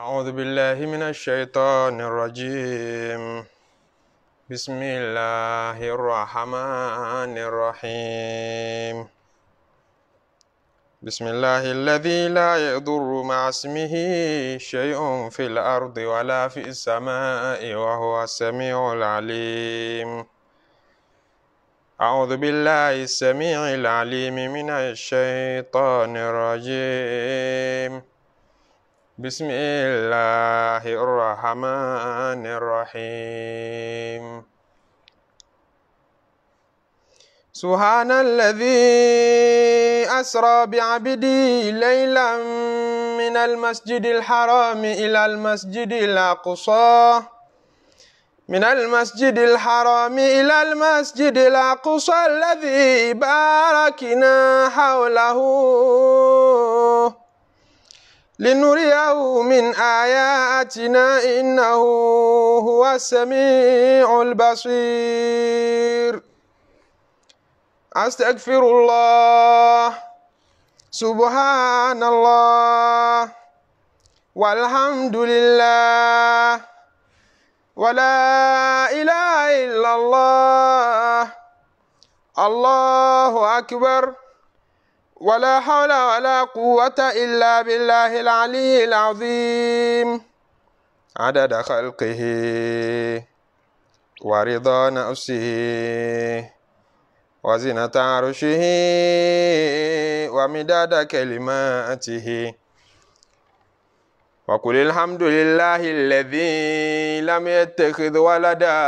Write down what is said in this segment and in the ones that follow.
أعوذ بالله من الشيطان الرجيم بسم الله الرحمن الرحيم بسم الله الذي لا يضر مع اسمه شيء في الأرض ولا في السماء وهو السميع العليم أعوذ بالله السميع العليم من الشيطان الرجيم بسم الله الرحمن الرحيم سبحان الذي أسرى بعبدي ليلا من المسجد الحرام إلى المسجد الأقصى من المسجد الحرام إلى المسجد الأقصى الذي باركنا حوله لنريه من آياتنا إنه هو السميع البصير أستغفر الله سبحان الله والحمد لله ولا إله إلا الله الله أكبر ولا حول ولا قوة إلا بالله العلي العظيم عدد خلقه ورضا نفسه وزنة عرشه ومداد كلماته وقل الحمد لله الذي لم يتخذ ولدا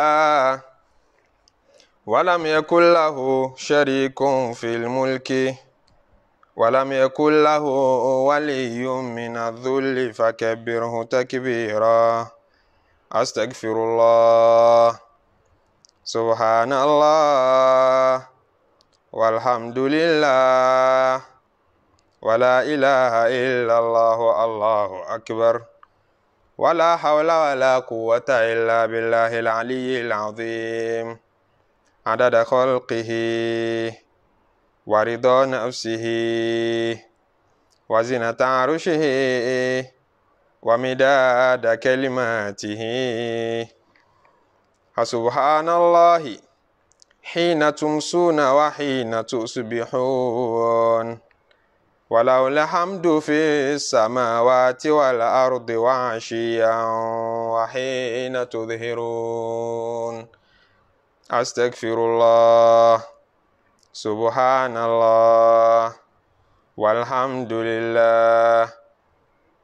ولم يكن له شريك في الملك ولم يكن له ولي من الذل فكبره تكبيرا أستغفر الله سبحان الله والحمد لله ولا إله إلا الله الله أكبر ولا حول ولا قوة إلا بالله العلي العظيم عدد خلقه ورضا نفسه وزنة عرشه ومداد كلماته فسبحان الله حين تمسون وحين تصبحون ولو الحمد في السماوات والأرض وعشيا وحين تظهرون أستغفر الله سبحان الله والحمد لله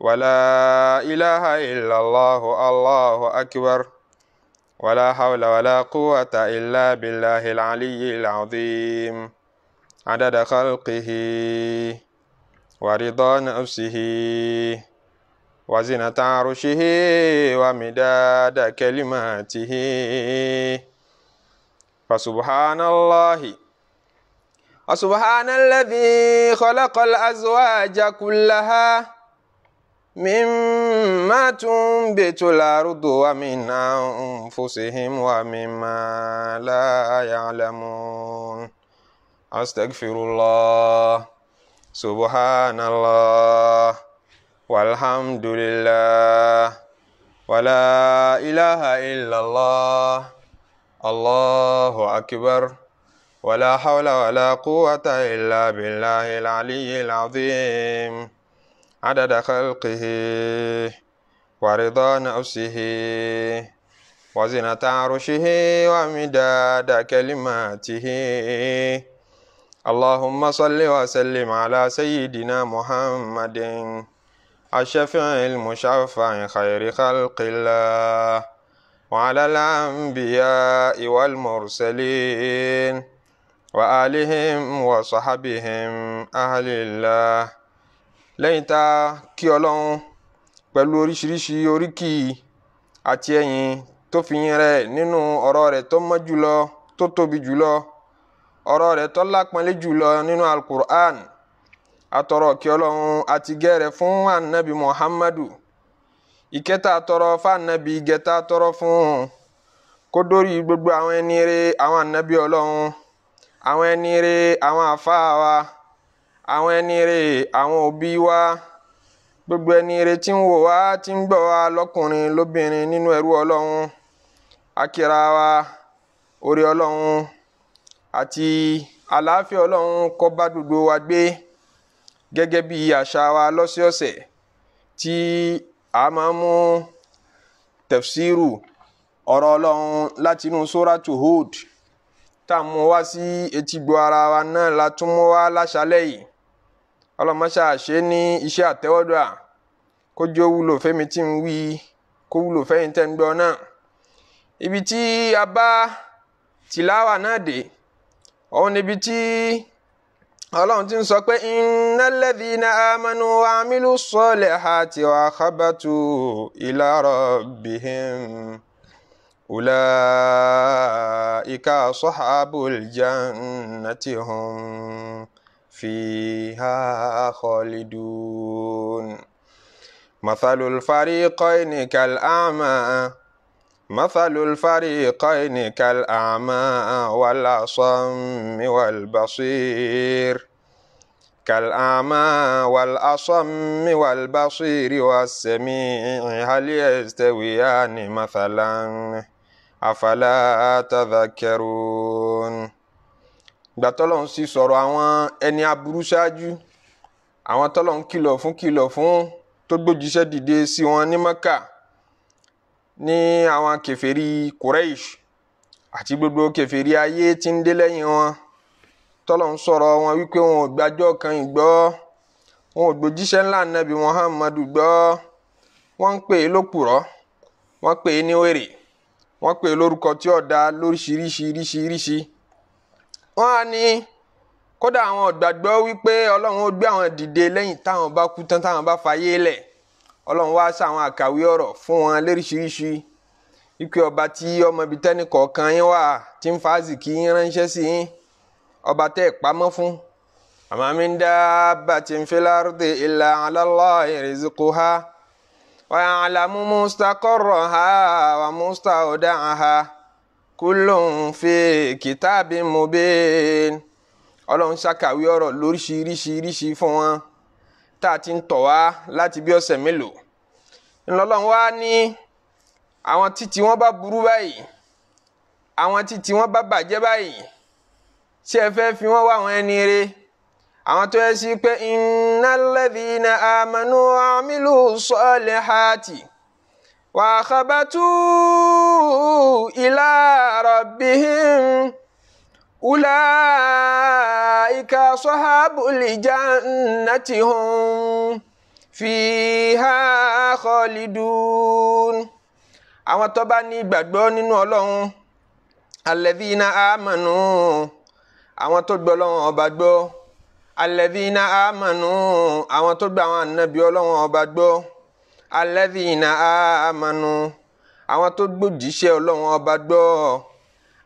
ولا إله إلا الله الله أكبر ولا حول ولا قوة إلا بالله العلي العظيم عدد خلقه ورضا نفسه وزنة عرشه ومداد كلماته فسبحان الله وسبحان الذي خلق الأزواج كلها مما تنبت الأرض ومن أنفسهم ومما لا يعلمون أستغفر الله سبحان الله والحمد لله ولا إله إلا الله الله أكبر ولا حول ولا قوة إلا بالله العلي العظيم عدد خلقه ورضا نفسه وزنة عرشه ومداد كلماته اللهم صل وسلم على سيدنا محمد الشفيع المشفع خير خلق الله وعلى الأنبياء والمرسلين وآلهم وصحبهم أهل الله lẹ́yìn tá a kí ọlọ́run pẹ̀lú oríṣiríṣi oríkì àti ẹ̀yìn tó fi yìn rẹ̀ nínú ọ̀rọ̀ rẹ̀ tó mọ́ jùlọ tó tóbi jùlọ ọ̀rọ̀ rẹ̀ tó lápọ́nlé jùlọ nínú alukur'an atọrọ kí ọlọ́run àti fún anabi muhammadu ìkẹta fún anabi ìgẹta fún gbogbo àwọn ẹni anabi ọlọ́run. àwọn ẹni re àwọn àfáà wa àwọn ẹni re àwọn òbí wa gbogbo ẹni re tí ń wò wá tí ń gbọ́ wá lọ́kùnrin lóbìnrin nínú ẹrú ọlọ́run akira wa orí ọlọ́run àti àlàáfíà ọlọ́run kó bá gbogbo wa gbé gẹ́gẹ́ bí àṣà wa lọ́sọ̀ọ̀sẹ̀ tí a máa mú tafsiru ọ̀rọ̀ ọlọ́run látinú suratu Hud tá a mú wá sí etígbò ara wa náà la tún mú wá láṣálẹ́ yìí ọlọmọṣà ṣe ní iṣẹ́ àtẹ́wọ́dọ̀ à kójú ó wúlò fẹ́mi tí ń wí kó wúlò fẹ́yìn tẹ́ ń gbọ́ náà ibi tí a bá tìláwà náà dé òun níbi tí ọlọ́run ti ń sọ pé innal ladhina amanu wa amilu salihati wa khabatu ila rabbihim. أولئك أصحاب الجنة هم فيها خالدون مثل الفريقين كالأعمى مثل الفريقين كالأعمى والأصم والبصير كالأعمى والأصم والبصير والسميع هل يستويان مثلاً àfàlà tàdákẹ́rùn. ìgbà tọ́lọ̀ ń sì sọ̀rọ̀ àwọn ẹni aburú ṣáájú àwọn tọ́lọ̀ ń kìlọ̀ fún kìlọ̀ fún tó gbójúṣẹ́ dìde sí wọn ní Mẹ́kà ní àwọn kèfèrí Quraysh àti gbogbo kèfèrí ayé tí ń dé lẹ́yìn wọn tọ́lọ̀ ń sọ̀rọ̀ wọn wípé wọn ò gbàjọ́ kan ìgbọ́ wọn ò gbòjíṣẹ́ ńlá nàbì Muhammadu gbọ́ wọ́n ń pè é lópùrọ́ wọ́n pè é ní wèrè wọ́n pè lórúkọ tí ó da lóríṣiríṣiríṣiríṣi wọ́n á ní kódà àwọn gbàgbọ́ wípé ọlọ́run ó gbé àwọn dìde lẹ́yìn táwọn bá kú tán táwọn bá fayé lẹ̀ ọlọ́run wá sáwọn àkàwé ọ̀rọ̀ fún wọn lóríṣiríṣi ikú ọba tí ọmọ ibi tẹ́ni kọ̀ọ̀kan yín wà tí ń fàázì kí yín ránṣẹ́ sí yín ọba tẹ́ ẹ̀ pamọ́ fún àmọ́ ń dá bàtí ń fi lárúdè ìlà ala Allahi rizquha. ويعلم مستقرها ومستودعها كل في كتاب مبين ọlọ́run ṣàkàwé ọ̀rọ̀ lóríṣiríṣiríṣi fún wọn tá a ti ń tọ̀ wá láti bí ọ̀sẹ̀ mélòó ńlọ́lọ́run wá ní àwọn títí wọn bá burú báyìí àwọn títí wọn bá bàjẹ́ báyìí ṣé ẹ fẹ́ fi wọ́n wá àwọn ẹni rẹ̀ àwọn tó yẹ sí pé innal ladhina amanu wa amilu salihati wa khabatu ila rabbihim ulaika sahabul jannati hum fiha khalidun àwọn tó bá ní ìgbàgbọ́ nínú ọlọ́run alladhina amanu àwọn tó gbọ́ lọ́wọ́ ọba gbọ́. alẹ́dínà àmànú àwọn tó gba àwọn ànábì ọlọ́wọ́n ọba gbọ́ alẹ́dínà àmànú àwọn tó gbòjíṣẹ́ ọlọ́wọ́n ọba gbọ́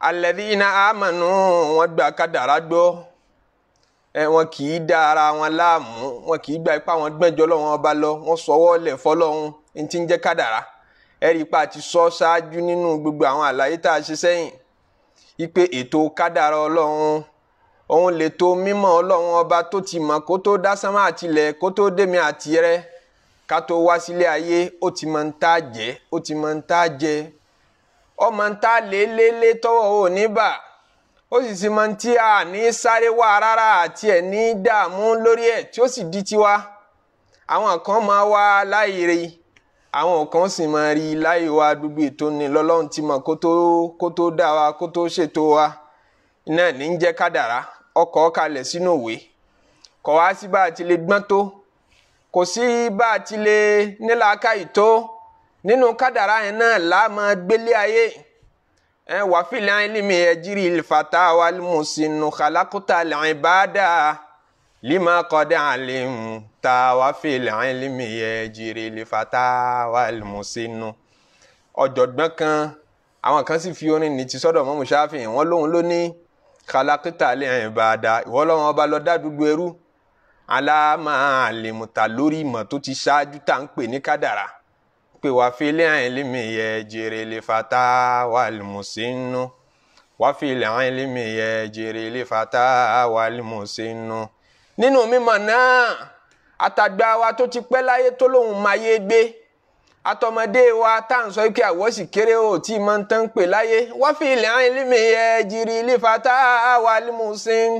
alẹ́dínà àmànú wọ́n gba kádàrá gbọ́ ẹ wọn kì í dá ara wọn láàmú wọn kì í gba ipá wọn gbẹ́jọ́ ọlọ́wọ́n ọba lọ wọn sọwọ́ lẹ̀ fọlọ́hún ní ti ń jẹ́ kádàrá ẹ̀rí pa àti sọ ṣáájú nínú gbogbo àwọn àlàyé tá a ṣe sẹ́yìn ipe ètò kádàrá ọlọ́run òun lè tó mímọ̀ ọlọ́run ọba tó ti mọ̀ kó tó dá sánmà àtilẹ̀ kó tó dèmi àti rẹ ká tó wá sílé ayé ó ti mọ̀ ń tá jẹ ó ti mọ̀ ń tá jẹ ọmọ ń tá lélẹ́lẹ́ tọ́wọ́ ò ní bà ó sì ti mọ̀ tí a ní sáré wá rárá àti ẹ̀ ní dààmú lórí ẹ̀ tí ó sì di tiwa àwọn kan máa wá láì rí àwọn kan sì máa rí láì wá gbogbo ètò ni lọ́lọ́run ti mọ̀ kó tó dá wa kó tó ṣètò wa náà ní jẹ́ kádàrá ọkọ̀ kalẹ̀ sínú ìwé kò wá sí bá a ti lè gbọ́n tó kò sí bá a ti lè nílàákàyè tó nínú kádàrá yẹn náà láàmú gbélé ayé ẹ wàfíìlì àìlímì ẹjírí ìfàtà wa mùsùlùmí kàlákùtà lẹ́yìn bá dáa lima kọ́dé àlẹ́mù tá a wàfíìlì àìlímì ẹjírí ìfàtà wa mùsùlùmí ọ̀jọ̀gbọ́n kan àwọn kan sì fi orin ní ti sọ́dọ̀ mọ́mú ṣáfì wọ́n ló ní khalaqta al-ibada ìwọ lọ́wọ́ ọba lọ dá gbogbo ẹrú aláàmà àlèmùtà lórí ìmọ̀ tó ti ṣáájú tá à ń pè ní kádàrà pé wàá fi ilé àyìn lémi yẹ jèrè lè fata wà lùmùsí nù wàá fi ilé àyìn lémi yẹ jèrè lè fata wà lùmùsí nù. nínú mímọ̀ náà àtàgbà tó ti pẹ́ láyé tó lóun máa yé gbé atọmọdé wa tá à ń sọ pé àwọ̀ sì kéré o tí mo ń tán pè láyé wọ́n fi ilẹ̀ hàn ilé mi ẹ̀ jìrì ilé fata wà límùsìn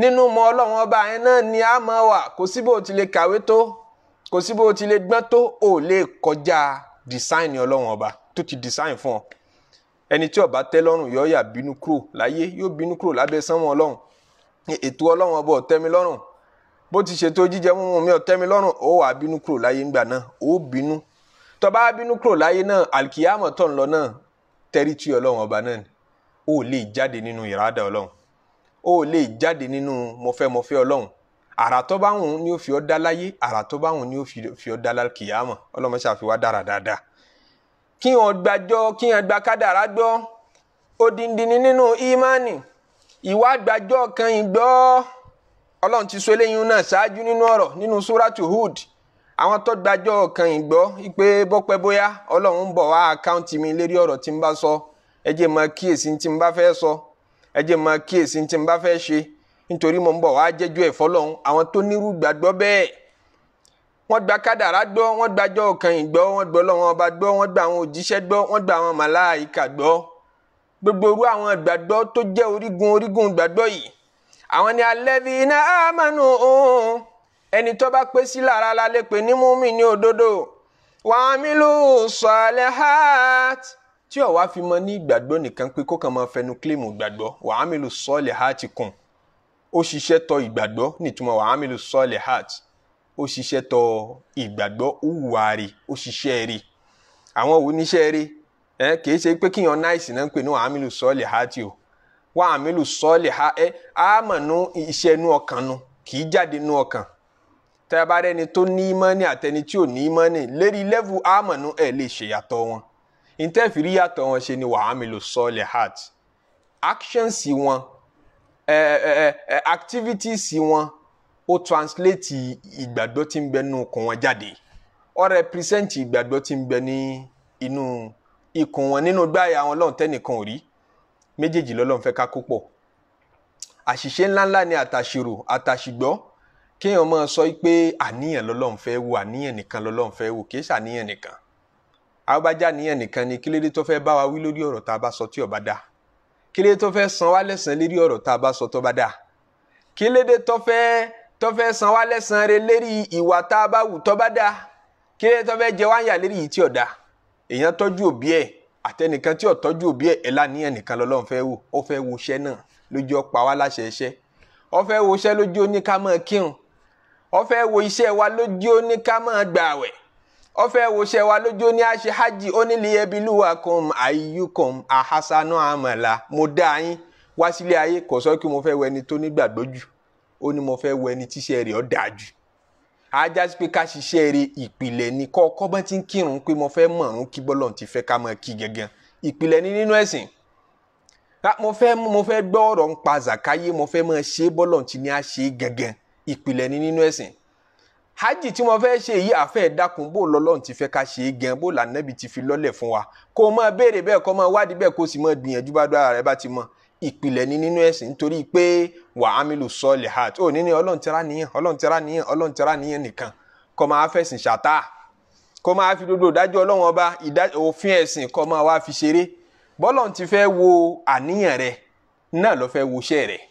nínú mọ ọlọ́run ọba yẹn náà ni a mọ̀ wà kò sí bó ti lè kàwé tó kò sí bó ti lè gbọ́n tó ò lè kọjá dísáìnì ọlọ́run ọba tó ti dísáìn fún ọ ẹni tí ó bá tẹ́ lọ́rùn yóò yà bínú kúrò láyé yóò bínú kúrò lábẹ́ sánmọ̀ ọlọ́run ètò ọlọ́run ọba ò lọ́rùn bó ti ṣètò jíjẹ mímu mi ò lọ́rùn ó wà bínú kúrò láyé ńgbà náà ó bínú tó bá bínú kúrò láyé náà alkiyama tó ń lọ náà tẹ́rítì ọlọ́run ọba náà ó lè jáde nínú ìrádà ọlọ́run ó lè jáde nínú mọ̀fẹ́mọ̀fẹ́ ọlọ́run àrà tó bá wùn ni ó fi ọ́ dá láyé àrà tó bá wùn ni ó fi ọ́ dá lálkìyàmọ ọlọmọ ṣàfihàn dára dáadáa kí wọn gbàjọ kí wọn gba kádàrá gbọ́ odindini nínú ìmánì ìwà gbàjọ kan ìgbọ́ Ọlọ́run ti sọ eléyìí náà ṣáájú nínú ọ̀rọ̀ nínú súrátù Hud àwọn tó gbàjọ́ kan ìgbọ́ pé bọ́pẹ́ bóyá ọlọ́run ń bọ̀ wá àkáǹtì mi lérí ọ̀rọ̀ tí n bá sọ ẹ jẹ́ máa kíyèsí tí n bá fẹ́ sọ ẹ jẹ́ máa kíyèsí tí n bá fẹ́ ṣe nítorí mo ń bọ̀ wá jẹ́jọ́ ẹ̀ fọlọ́run àwọn tó nírú gbàgbọ́ bẹ́ẹ̀ wọ́n gba kádàrá gbọ́ wọ́n gbàjọ́ kan ìgbọ́ wọ́n gbọ́ lọ́wọ́n ọba gbọ́ wọ́n gba àwọn òjíṣẹ́ gbọ́ wọ́n gba àwọn màláìka gbọ́ gbogbo irú àwọn ìgbàgbọ́ tó jẹ́ orígun orígun ìgbàgbọ́ yìí àwọn ni alladhina amanu ẹni tó bá pé sí lára la lè pè ní múmi ní òdodo wàmílù sọlẹ́hàt tí ó wá fi mọ ní ìgbàgbọ́ nìkan pé kó kàn máa fẹnu kílèmù ìgbàgbọ́ wàmílù sọlẹ́hàt kùn ó ṣiṣẹ́ tọ ìgbàgbọ́ nítumọ̀ wàmílù sọlẹ́hàt ó ṣiṣẹ́ tọ ìgbàgbọ́ òwúwarì ó ṣiṣẹ́ rí àwọn òwú níṣẹ́ rí ẹ kìí ṣe pé kíyan náìsì náà ń pè ní wàmílù sọlẹ́hàt o wàmílù sọlẹ́hàt ẹ àmọ̀ nú iṣẹ́ nú ọkàn nu kìí jáde nú ọkàn tẹ́ ẹ bá rẹ́ni tó ní ìmánì àtẹni tí ò ní ìmánì lérí lẹ́vù àmọ̀nù ẹ̀ lè ṣèyàtọ̀ wọn ìtẹ́fìrí yàtọ̀ wọn ṣe ni wàhámi lò sọ́ọ̀lì heart actions wọn eh, eh, eh, activities wọn ó translate ìgbàgbọ́ tí ń bẹ nínú ikùn wọn jáde ó represent ìgbàgbọ́ tí ń bẹ ní inú ikùn wọn nínú gbáyà wọn lọ́hùn tẹ́nìkan ò rí méjèèjì lọ́lọ́hùn fẹ́ ká kó pọ̀ àṣìṣe ńláńlá ni àtàṣirò àtàṣìgbọ́ kéèyàn máa sọ pé àníyàn lọ́lọ́run fẹ́ wò àníyàn nìkan lọ́lọ́run fẹ́ wò kì í ṣàníyàn nìkan àbájá àníyàn nìkan ni kílódé tó fẹ́ bá wa wí lórí ọ̀rọ̀ tá a bá sọ tí ó bá dáa kílódé tó fẹ́ san wá lẹ́san lérí ọ̀rọ̀ tá a bá sọ tó bá dáa kílódé tó fẹ́ tó fẹ́ san wá lẹ́san rẹ̀ lérí ìwà tá a bá wù tó bá dáa kílódé tó fẹ́ jẹ wá yà lérí yìí tí ó èèyàn tọ́jú òbí ẹ̀ àtẹnìkan tí ó tọ́jú ó fẹ́ wo iṣẹ́ wa lójú ó ní ká máa gbààwẹ̀ ó fẹ́ wo iṣẹ́ wa lójú ó ní àṣẹ hajj ó ní liyabiluwakum ayyukum ahasanu amala mo dá yín wá sílé ayé kò sọ kí mo fẹ́ wẹni tó nígbàgbọ́ jù ó ní mo fẹ́ wẹni tíṣẹ́ rẹ̀ ó dáa jù ajá sí pé ká ṣiṣẹ́ rẹ̀ ìpìlẹ̀ ni kọ́ ọkọ́ bá ti ń kírun pé mo fẹ́ mọ̀ọ́rún kí bọ́lọ̀ ti fẹ́ ká máa kí gẹ́gẹ́ ìpìlẹ̀ ni nínú ẹ̀sìn mo fẹ́ mo fẹ́ gbọ́ ọ̀rọ̀ ń pa zàkáyé mo fẹ́ máa ṣe bọ́lọ̀ ti ní á ṣe gẹ́gẹ́ ìpìlẹ̀ ni nínú ẹ̀sìn hajj tí mo fẹ́ ṣe yìí àfẹ́ dákun bó lọ́lọ́run ti fẹ́ ká ṣe é gan bó lànàbì ti fi lọ́lẹ̀ fún wa kó o máa béèrè bẹ́ẹ̀ kó o máa wádìí bẹ́ẹ̀ kó o sì máa gbìyànjú bá dára rẹ bá ti mọ̀ ìpìlẹ̀ ni nínú ẹ̀sìn nítorí pé wà á mílò sọ́ọ̀lì hajj ò ní ní ọlọ́run nìyẹn ọlọ́run tẹ́ra nìyẹn ọlọ́run tẹ́ra nìyẹn nìkan kó o máa fẹ̀sìn ṣàtà kó o máa fi dodo ìdájọ́ ọlọ́run ọba òfin ẹ̀sìn kó o máa wá fi ṣeré bọ́lọ́run ti fẹ́ wo àníyàn rẹ náà ló fẹ́ wo iṣẹ́ rẹ̀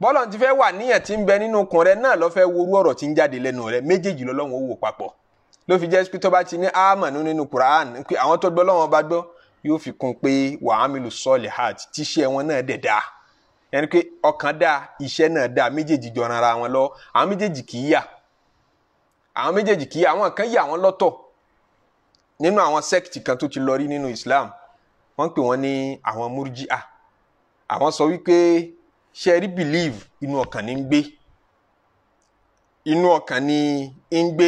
bọ́lọ̀ ti fẹ́ wà níyàn tí ń bẹ nínú okùn rẹ náà lọ́ fẹ́ worú ọ̀rọ̀ tí ń jáde lẹ́nu rẹ méjèèjì lọ́lọ́run ó wò papọ̀ ló fi jẹ́ pé tó bá ti ní àmánù nínú Quran pé àwọn tó gbọ́ lọ́wọ́n bá gbọ́ yóò fi kún pé wa amilu solihat tíṣẹ́ wọn náà dẹ̀ dáa ẹni pé ọkàn dáa iṣẹ́ náà dáa méjèèjì jọra ara wọn lọ àwọn méjèèjì kì í yà àwọn méjèèjì kì í àwọn kan yà wọn lọ́tọ̀ nínú àwọn sẹ́kìtì kan tó ti lọ rí nínú Islam wọ́n pè wọ́n ní àwọn múrjíà àwọn sọ wípé ṣẹ́rí believe inú ọkàn ní ń gbé inú ọkàn ní ń gbé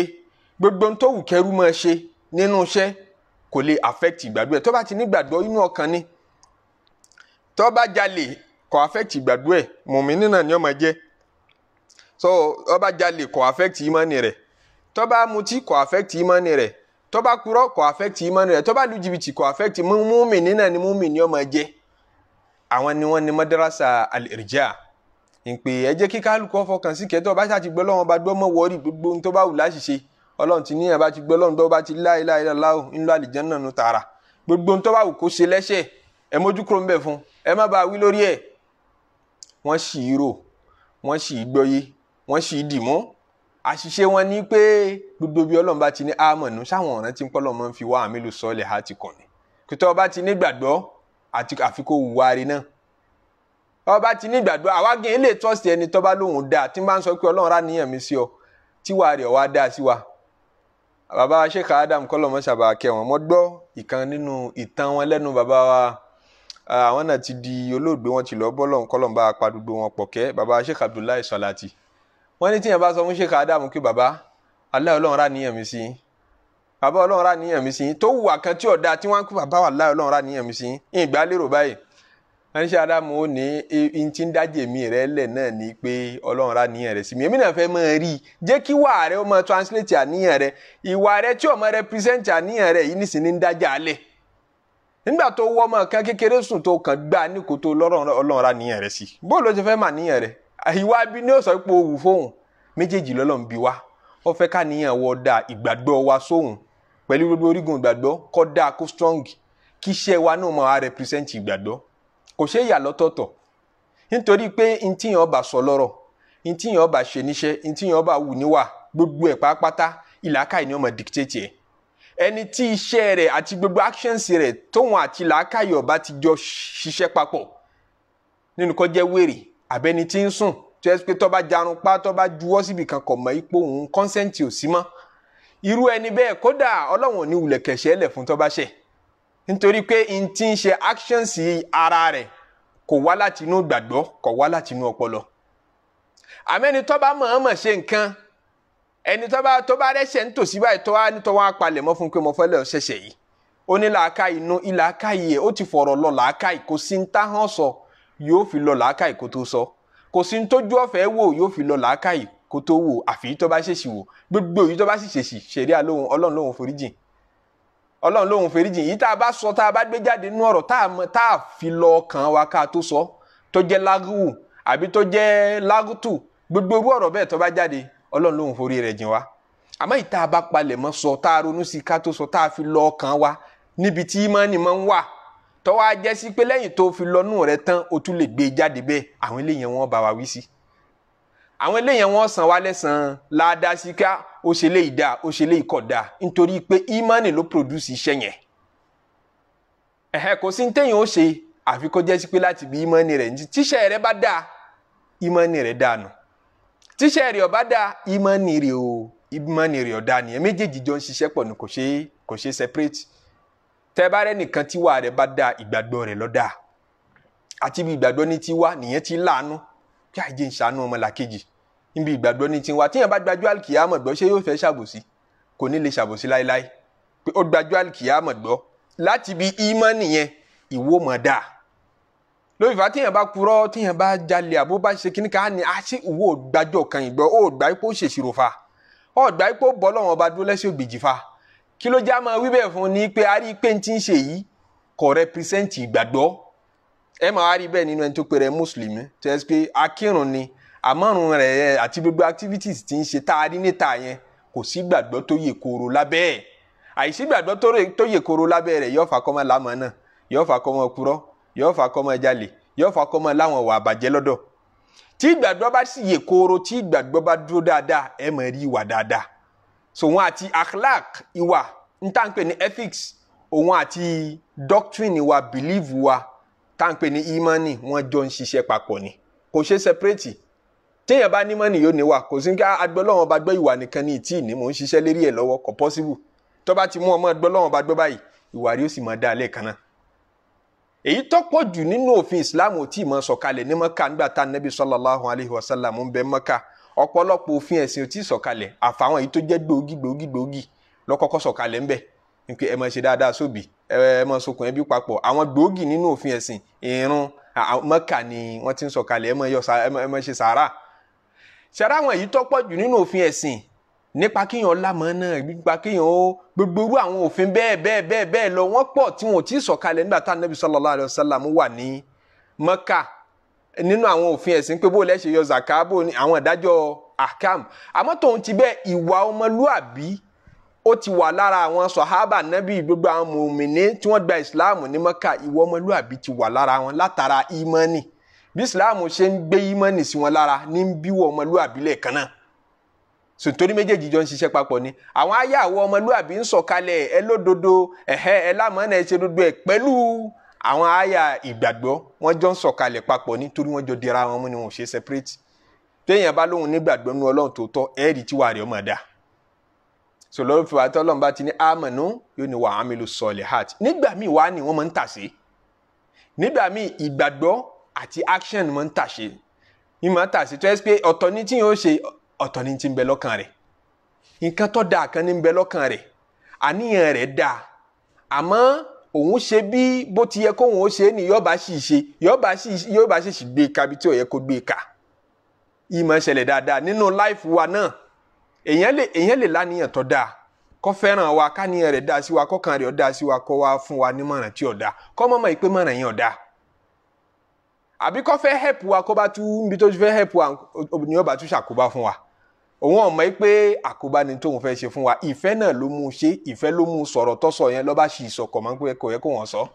gbogbo ohun tó wù kẹ́rú máa ṣe nínú iṣẹ́ kò lè affect ìgbàdúrà ẹ̀ tó bá ti ní gbàdúrà inú ọkàn ni tó bá jalè kò affect ìgbàdúrà ẹ̀ mùmínì náà ni ó máa jẹ́ so ó bá jalè kò affect ìmánì rẹ̀ tó bá mutí kò affect ìmánì rẹ̀ tó bá kúrò kò affect ìmánì rẹ̀ tó bá lu jìbìtì kò affect mùmínì náà ni mùmínì ó máa jẹ́ àwọn ni wọ́n ní madrasa al-irja ìpè ẹ jẹ́ kí kálukú fọkàn sí kẹ́tọ́ bá ṣáà ti gbọ́ lọ́wọ́ bá gbọ́ mọ́ wọ́ọ́rì gbogbo ohun tó bá wù láṣìṣe ọlọ́run ti ní bá ti gbọ́ lọ́run tó bá ti la ilaha illallah ńlọ àlìjánnà nù tààrà gbogbo ohun tó bá wù kó ṣe lẹ́ṣẹ̀ ẹ mójú kúrò ń bẹ̀ fún ẹ má bàa wí lórí ẹ̀ wọ́n sì í rò wọ́n sì í gbọ́yé wọ́n sì í dìmú àṣìṣe wọn ni pé gbogbo bí ọlọ́run bá ti ní àmọ̀nù sáwọn ọ̀ràn tí ń pọ́ lọ́mọ fi wá àmì àti àfikò wùwárí náà ọba ti ní ìgbàdo àwágé ilé tọ́sí ẹni tọ́ba lóhùn dáa tí n bá ń sọ pé ọlọ́run rà níyàn mi sí ọ tíwà rẹ̀ wá dáa sí wa bàbá Sheikh Adam kọlọmọ sábà kẹwọn mo gbọ́ ìkan nínú ìtàn wọn lẹ́nu bàbá wa àwọn náà ti di olóògbé wọn ti lọ bọ́lọ̀ kọlọm bá padùgbò wọn pọ̀ kẹ́ bàbá Sheikh Abdullahi Salati wọ́n ní tíyẹn bá sọ fún Sheikh Adam pé bàbá Allah ọlọ́run rà níyàn mi sí i bàbá ọlọ́run rà níyàn mi sí yín tó wùwà kan tí ọ̀dà tí wọ́n ń bàbá wà láì ọlọ́run rà níyàn sí báyìí ẹnṣẹ adamu ó ní n ń rẹ lẹ náà ni pé ọlọ́run rà níyàn rẹ sí mi èmi náà mọ rí i kí wà rẹ ó mọ translate àníyàn rẹ rẹ tí mọ represent àníyàn rẹ yìí nìsín ń dájà alẹ nígbà tó wọ ọmọ pẹ̀lú gbogbo orígun ìgbàgbọ́ kó dáa kó strong kí iṣẹ́ wa náà máa represent ìgbàgbọ́ kò ṣe é yà lọ́tọ̀ọ̀tọ̀ nítorí pé n tí yàn bá sọ lọ́rọ̀ n tí yàn bá ṣe níṣẹ́ n tí yàn bá wù níwà gbogbo ẹ̀ pátá ìlàkàyè ni ó máa dictate ẹ̀ ẹni tí iṣẹ́ rẹ̀ àti gbogbo actions rẹ̀ tóun àti làákàyè ọba ti jọ ṣiṣẹ́ papọ̀ nínú kó jẹ́ wèrè àbẹ́ni tí ń sùn tó yẹ pé tó bá jarun pa tó bá juwọ́ síbi kan kò ipò òun consent ò sí mọ́ irú ẹni bẹ́ẹ̀ kódà ọlọ́run ò ní wulẹ̀ kẹ̀ṣẹ́ lẹ̀ fún tó bá ṣẹ̀ nítorí pé n ti ń ṣe actions ara rẹ̀ kò wá láti inú gbàgbọ́ kò wá láti inú ọpọlọ àmẹ́ni tó bá mọ̀ọ́mọ̀ ṣe nǹkan ẹni tó tó bá rẹ́ṣẹ̀ nítòsí báyìí tó wá nítorí wọn apalẹ̀ mọ́ fún pé mo fẹ́ lọ ṣẹ̀ṣẹ̀ yìí ó ní làákàyè inú ìlàákàyè ẹ̀ ó ti fọ̀rọ̀ lọ làákàyè kò sí ń táhàn sọ yóò fi lọ làákàyè kó tó sọ kò sí ń tójú ọ̀fẹ́ wò yóò fi lọ làákàyè kó tó wò àfi tó bá ṣèṣì wò gbogbo èyí tó bá sì ṣèṣì ṣẹ̀ríà lóhun ọlọ́run lóhun foríjìn ọlọ́run lóhun foríjìn yìí tá a bá sọ tá a bá gbé jáde nínú ọ̀rọ̀ tá a fi lọ kàn wá ká tó sọ tó jẹ́ lágùwù àbí tó jẹ́ lágùtù gbogbo irú ọ̀rọ̀ bẹ́ẹ̀ tó bá jáde ọlọ́run lóhun forí rẹ̀ jìn wá àmọ́ yìí tá a bá palẹ̀ mọ́ sọ tá a ronú sí ká tó sọ tá a fi lọ kàn wá níbi tí ìmánì máa ń wà tọ́wọ́ ajẹ́sí pé lẹ́yìn tó fi lọ́nù rẹ̀ tán o tún lè gbé e jáde bẹ́ẹ̀ àwọn eléyìí wọn bá wa wí sí àwọn eléyẹn wọ́n san wá lẹ́san láàdá síká ó ṣe lè dá ó ṣe lè kọ̀ nítorí pé ìmánì ló produce iṣẹ́ yẹn ẹ̀hẹ́ kò sí téèyàn ó ṣe àfi kó jẹ́ sí pé láti bí ìmánì rẹ̀ ní tíṣẹ́ rẹ̀ bá dá ìmánì rẹ̀ dànù tíṣẹ́ rẹ̀ ọ̀bá dá ìmánì rẹ̀ o ìmánì rẹ̀ ọ̀dá nìyẹn méjèèjì jọ ń ṣiṣẹ́ pọ̀ ní kò ṣe kò ṣe separate tẹ́ bá rẹ́ nìkan tíwà rẹ̀ bá dá ìgbàgbọ́ rẹ̀ ló dá àti bí ìgbàgbọ́ ní tiwa nìyẹn ti láàánú kí àìjẹ ìṣàánú ọmọlàkejì níbi ìgbàgbọ́ ní tiwa tíyẹn bá gbajú àlìkìyàmọ̀ gbọ́ ṣé yóò fẹ́ ṣàbòsí kò ní lè ṣàbòsí láéláé pé ó gbajú àlìkìyàmọ̀ gbọ́ láti ibi ìmọ̀ nìyẹn ìwó mọ̀ dáa lórí ìfà tíyẹn bá purọ́ tíyẹn bá jalè àbó bá ṣe kíní ká ní àṣẹ ìwó gbàjọ kan ìgbọ́ ó gbà ipò ṣèṣirò fa ó gbà ipò bọ́ lọ́wọ́n ọba dúró lẹ́sẹ̀ ògbèjì fa kí ló já máa wí bẹ́ẹ̀ fún ni pé a rí i pé ń ti ń ṣe yìí kò rẹpírẹsẹ̀ntì ìgbàgbọ́ ẹ máa rí bẹ́ẹ̀ nínú ẹni tó pèrè mùsùlùmí tó yẹ pé akírun ni àmọ́run rẹ̀ àti gbogbo activities ti ń ṣe tá a rí níta yẹn kò sí gbàgbọ́ tó yè kooro lábẹ́ ẹ̀ àìsí gbàgbọ́ tó yè kooro lábẹ́ rẹ̀ yóò fà kọ́mọ lámọ̀ náà yóò fà kọ́mọ purọ́ yóò fà jalè yóò fà láwọn wà bàjẹ́ lọ́dọ̀ tí gbàgbọ́ bá sì yè kooro tí gbàgbọ́ bá dúró dáadáa ẹ mọ̀ rí ìwà dáadáa so wọn àti akhlaq ìwà ń tàn pé ní ethics òun àti doctrine wa belief wa tá à ń pè ní ìmánì wọ́n jọ ń ṣiṣẹ́ papọ̀ ni kò ṣe sẹpẹrẹtì téèyàn bá nímánì yóò níwà kò sí ní ká agbọ́lọ́wọ́n ah, bá gbọ́ ìwà nìkan ní ìtì ní mò ń ṣiṣẹ́ lérí ẹ̀ lọ́wọ́ kò pọ́síbù tó bá ti mú ọmọ agbọ́lọ́wọ́n bá gbọ́ báyìí ìwà rí ó sì máa dá alẹ́ kan náà èyí tó pọ̀ jù nínú òfin islam ò tí ì máa sọ̀kalẹ̀ ní mọ́kà nígbà tá nẹ́bí sallallahu alayhi wa sallam ń bẹ mọ́kà ọ̀pọ̀lọpọ̀ òfin ẹ̀sìn ò tí ì sọ̀kalẹ̀ àfàwọn èyí tó jẹ́ gbòógì gbòógì gbòógì ló sọ̀kalẹ̀ ńbẹ̀ pé ẹ máa ṣe dáadáa sóbì ẹ máa sokùn ẹbí papọ̀ àwọn gbòógì nínú òfin ẹ̀sìn ìrun Mẹ́kà ni wọ́n ti ń sọ̀kalẹ̀ ẹ máa ṣe sàárà ṣàrà àwọn èyí tọ́pọ̀ jù nínú òfin ẹ̀sìn nípa kéèyàn lámọ̀ náà nípa kéèyàn ó gbogbo irú àwọn òfin bẹ́ẹ̀ bẹ́ẹ̀ bẹ́ẹ̀ bẹ́ẹ̀ lọ wọ́n pọ̀ tí wọn ò tí ì sọ̀kalẹ̀ nígbà tá Ànábì sallallahu alaihi wasallam wà ní Mẹ́kà nínú àwọn òfin ẹ̀sìn pé bó lẹ́ ṣe yọ zaka bó ó ti wà lára àwọn sọ̀hábà nábì gbogbo àwọn mùmìnì tí wọ́n gba ìsìláàmù ní mọ́kà ìwọ ọmọlúàbí ti wà lára wọn látara ìmánì bí ìsìláàmù ṣe ń gbé ìmánì sí wọn lára ní ń bíwọ ọmọlúàbí lẹ́ẹ̀kan náà sùntórí méjèèjì jọ ń ṣiṣẹ́ papọ̀ ni àwọn ayáwó ọmọlúàbí ń sọ̀kalẹ̀ ẹ lódodo ẹ̀hẹ́ ẹ lámọ́nà ẹ ṣe dodo ẹ pẹ̀lú àwọn àyà ìgbàgbọ́ wọ́n jọ ń sọ̀kalẹ̀ papọ̀ nítorí wọ́n jọ dira wọn mú ni wọn ò ṣe separate téèyàn bá lóhun nígbàgbọ́ nínú ọlọ́run tòótọ́ ẹ̀ẹ́dì tí wàá rẹ̀ ọmọ dáa sọlọ́run fi wàá tọ́lọ́run bá ti ní amanu yóò ní wà ámilu solihat nígbà míì wá ní wọ́n máa ń tàṣe nígbà míì ìgbàgbọ́ àti action máa ń tàṣe ní máa tàṣe tó yẹ pé ọ̀tọ̀ ní tí yóò ṣe ọ̀tọ̀ ní ti ń bẹ lọ́kàn rẹ̀ nǹkan tó dáa kan ní ń bẹ lọ́kàn rẹ̀ àníyàn rẹ̀ dáa àmọ́ òun ṣe bí bó ti yẹ kóun ó ṣe é ní yọba sì ṣe yọba sì yọba sì gbé ka bí tí ò yẹ kó gbé e ka ìmọ̀ ṣẹlẹ̀ dáadáa nínú life wa náà èèyàn lè èèyàn lè láníyàn tó dáa kó fẹ́ràn wa káníyàn rẹ̀ dáa sí wa kọ́kàn rẹ̀ ó dáa sí wa kó wá fún wa nímọ̀ràn tí ó dáa kó mọ̀ mọ̀ ìpè mọ̀ràn yẹn ó dáa àbí kó fẹ́ help wa kó bá tú níbi tó fẹ́ help wa ni ó bá tú ṣàkóbá fún wa òun ọ̀mọ́ yìí pé àkóbá ni tóun fẹ́ ṣe fún wa ìfẹ́ náà ló mú un ṣe ìfẹ́ ló mú un sọ̀rọ̀ tọ́sọ yẹn lọ́ba sì sọkọ̀ máa ń kò yẹ kó wọ́n sọ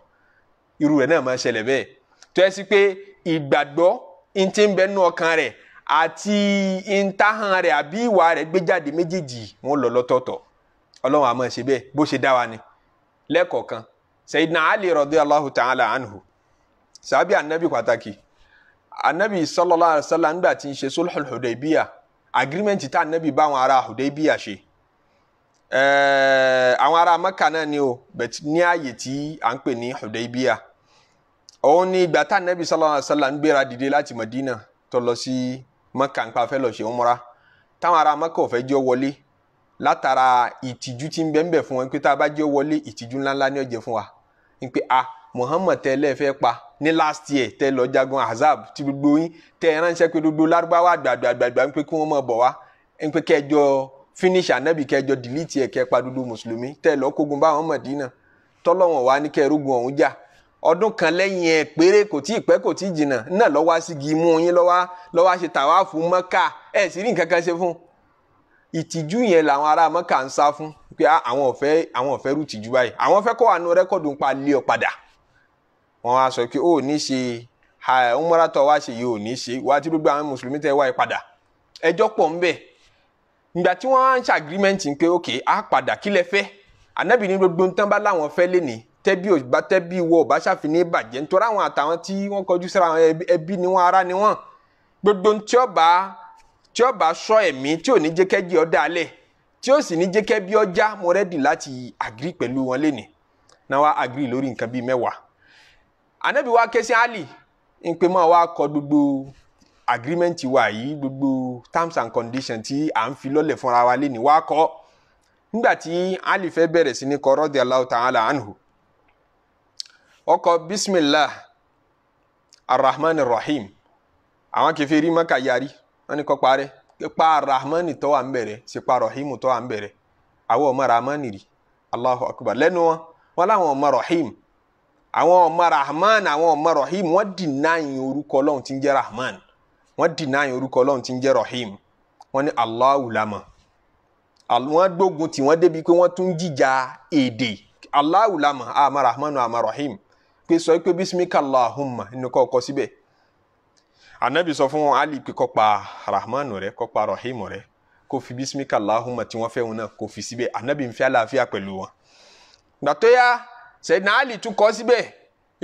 irú rẹ̀ náà máa ń ṣẹlẹ̀ tó yẹ sí pé ìgbàgbọ́ n ti ń bẹ nú ọkàn rẹ̀ àti ntahan rẹ̀ àbí ìwà rẹ̀ gbé jáde méjèèjì wọn lọ lọ́tọ̀ọ̀tọ̀ ọlọ́run àmọ́ ṣe bẹ́ẹ̀ bó ṣe dá wa ni lẹ́kọ̀ọ̀kan Sayyidina Ali radiyallahu ta'ala anhu sàbí anabi pàtàkì anabi sallallahu alaihi wasallam nígbà tí ń ṣe sulhul Hudaybiyah agreement tá anabi bá àwọn ará Hudaybiyah ṣe àwọn ará Mẹ́kà náà ni o bẹ̀t ní ààyè tí à ń pè ní Hudaybiyah òun ni ìgbà tá anabi sallallahu alaihi wasallam ń gbéra dìde láti Madina tó sí mọ́kà nípa fẹ́ lọ ṣe umra táwọn ará mọ́kà ò fẹ́ jẹ́ wọlé látara ìtìjú tí ń bẹ ń bẹ fún wọn pé tá a bá jẹ́ wọlé ìtìjú ńláńlá ni ó jẹ́ fún wa ń pé a ah, Muhammad tẹ́lẹ̀ fẹ́ pa ní last year tẹ́ lọ jagun azab ti gbogbo yín tẹ́ ẹ ránṣẹ́ pé gbogbo lárúbáwá àgbàgbàgbà ń pé kí wọ́n mọ̀ bọ̀ wá ń pé kẹjọ finish anabi kẹjọ delete ẹ̀ kẹ́ pa dúdú mùsùlùmí tẹ́ lọ kógun báwọn Mọ̀dínà tọ́lọ́wọ̀n wá ní kẹrógun ọ̀hún jà ọdún kan lẹ́yìn ẹ̀ péré kò tí ì pẹ́ kò tí ì jìnnà náà ló wá sígi imú yín ló wá ló wá ṣe tàwáàfù mọ́kà ẹ̀ sì rí nǹkan kan ṣe fún ìtìjú yẹn làwọn ará mọ́kà ń sá fún pé àwọn ò fẹ́ àwọn ò fẹ́ rú tìjú báyìí àwọn fẹ́ kọ́ àánú rẹ́kọ̀dù ń pa lé ọ padà wọ́n á sọ pé ó ní ṣe umrah wá ṣe yìí ò ní ṣe wá tí gbogbo àwọn mùsùlùmí tẹ́ wá padà ẹjọ́ pọ̀ ń bẹ̀ ìgbà tí wọ́n á ń ṣe agreement pé ok á padà kí lẹ fẹ́ ànábì ní gbogbo nǹkan bá láwọn fẹ́ lénìí tẹ́bí ò bá tẹ́bí wọ ò ba ṣàfihàn ìbàjẹ́ nítorí àwọn àtàwọn tí wọ́n kọjú síra àwọn ẹbí ni wọ́n ará ni wọ́n gbogbo tí ó bá tí ó bá sọ ẹ̀mí tí ò ní jẹ́ kẹ́jì ọ̀dà alẹ̀ tí ó sì ní jẹ́ kẹ́bí ọjà mo rẹ́dì láti àgírí pẹ̀lú wọn lẹ́nìí náà wá àgírí lórí nǹkan bíi mẹ́wàá anabi wa ké ali ń pè mọ́ wa kọ gbogbo agreement wa yìí gbogbo terms and conditions tí à ń fi lọ́lẹ̀ fúnra wa lẹ́nìí wa kọ́ nígbà ali fẹ́ bẹ̀rẹ̀ sí ní kọ́ rọ́dí Allahu ta'ala anhu ọkọ̀ bismillah arrahman rahim àwọn kẹfìrí maka yari, wọn ni kọ́ arrahman tó wà ń bẹ̀rẹ̀ rahim tó wà allahu wọn wọn làwọn ọmọ rahim àwọn ọmọ rahman àwọn ọmọ rahim wọn nje orúkọ rahman wọn orúkọ tí ń rahim wọn ni wọn gbógun tí wọn débi pé wọn tún jíjà èdè rahim. pé sọ pé bísímíkà làhùnmà nínú kọ́ ọkọ síbẹ̀ anabi sọ fún ali pé kó pa rahmanu rẹ̀ kó pa rahimu rẹ̀ kó fi bísímíkà làhùnmà tí wọ́n fẹ́ wọn náà kó fi síbẹ̀ anabi ń fẹ́ àlàáfíà pẹ̀lú wọn. gbàtóyà sẹ́yìn ali tún kọ́ síbẹ̀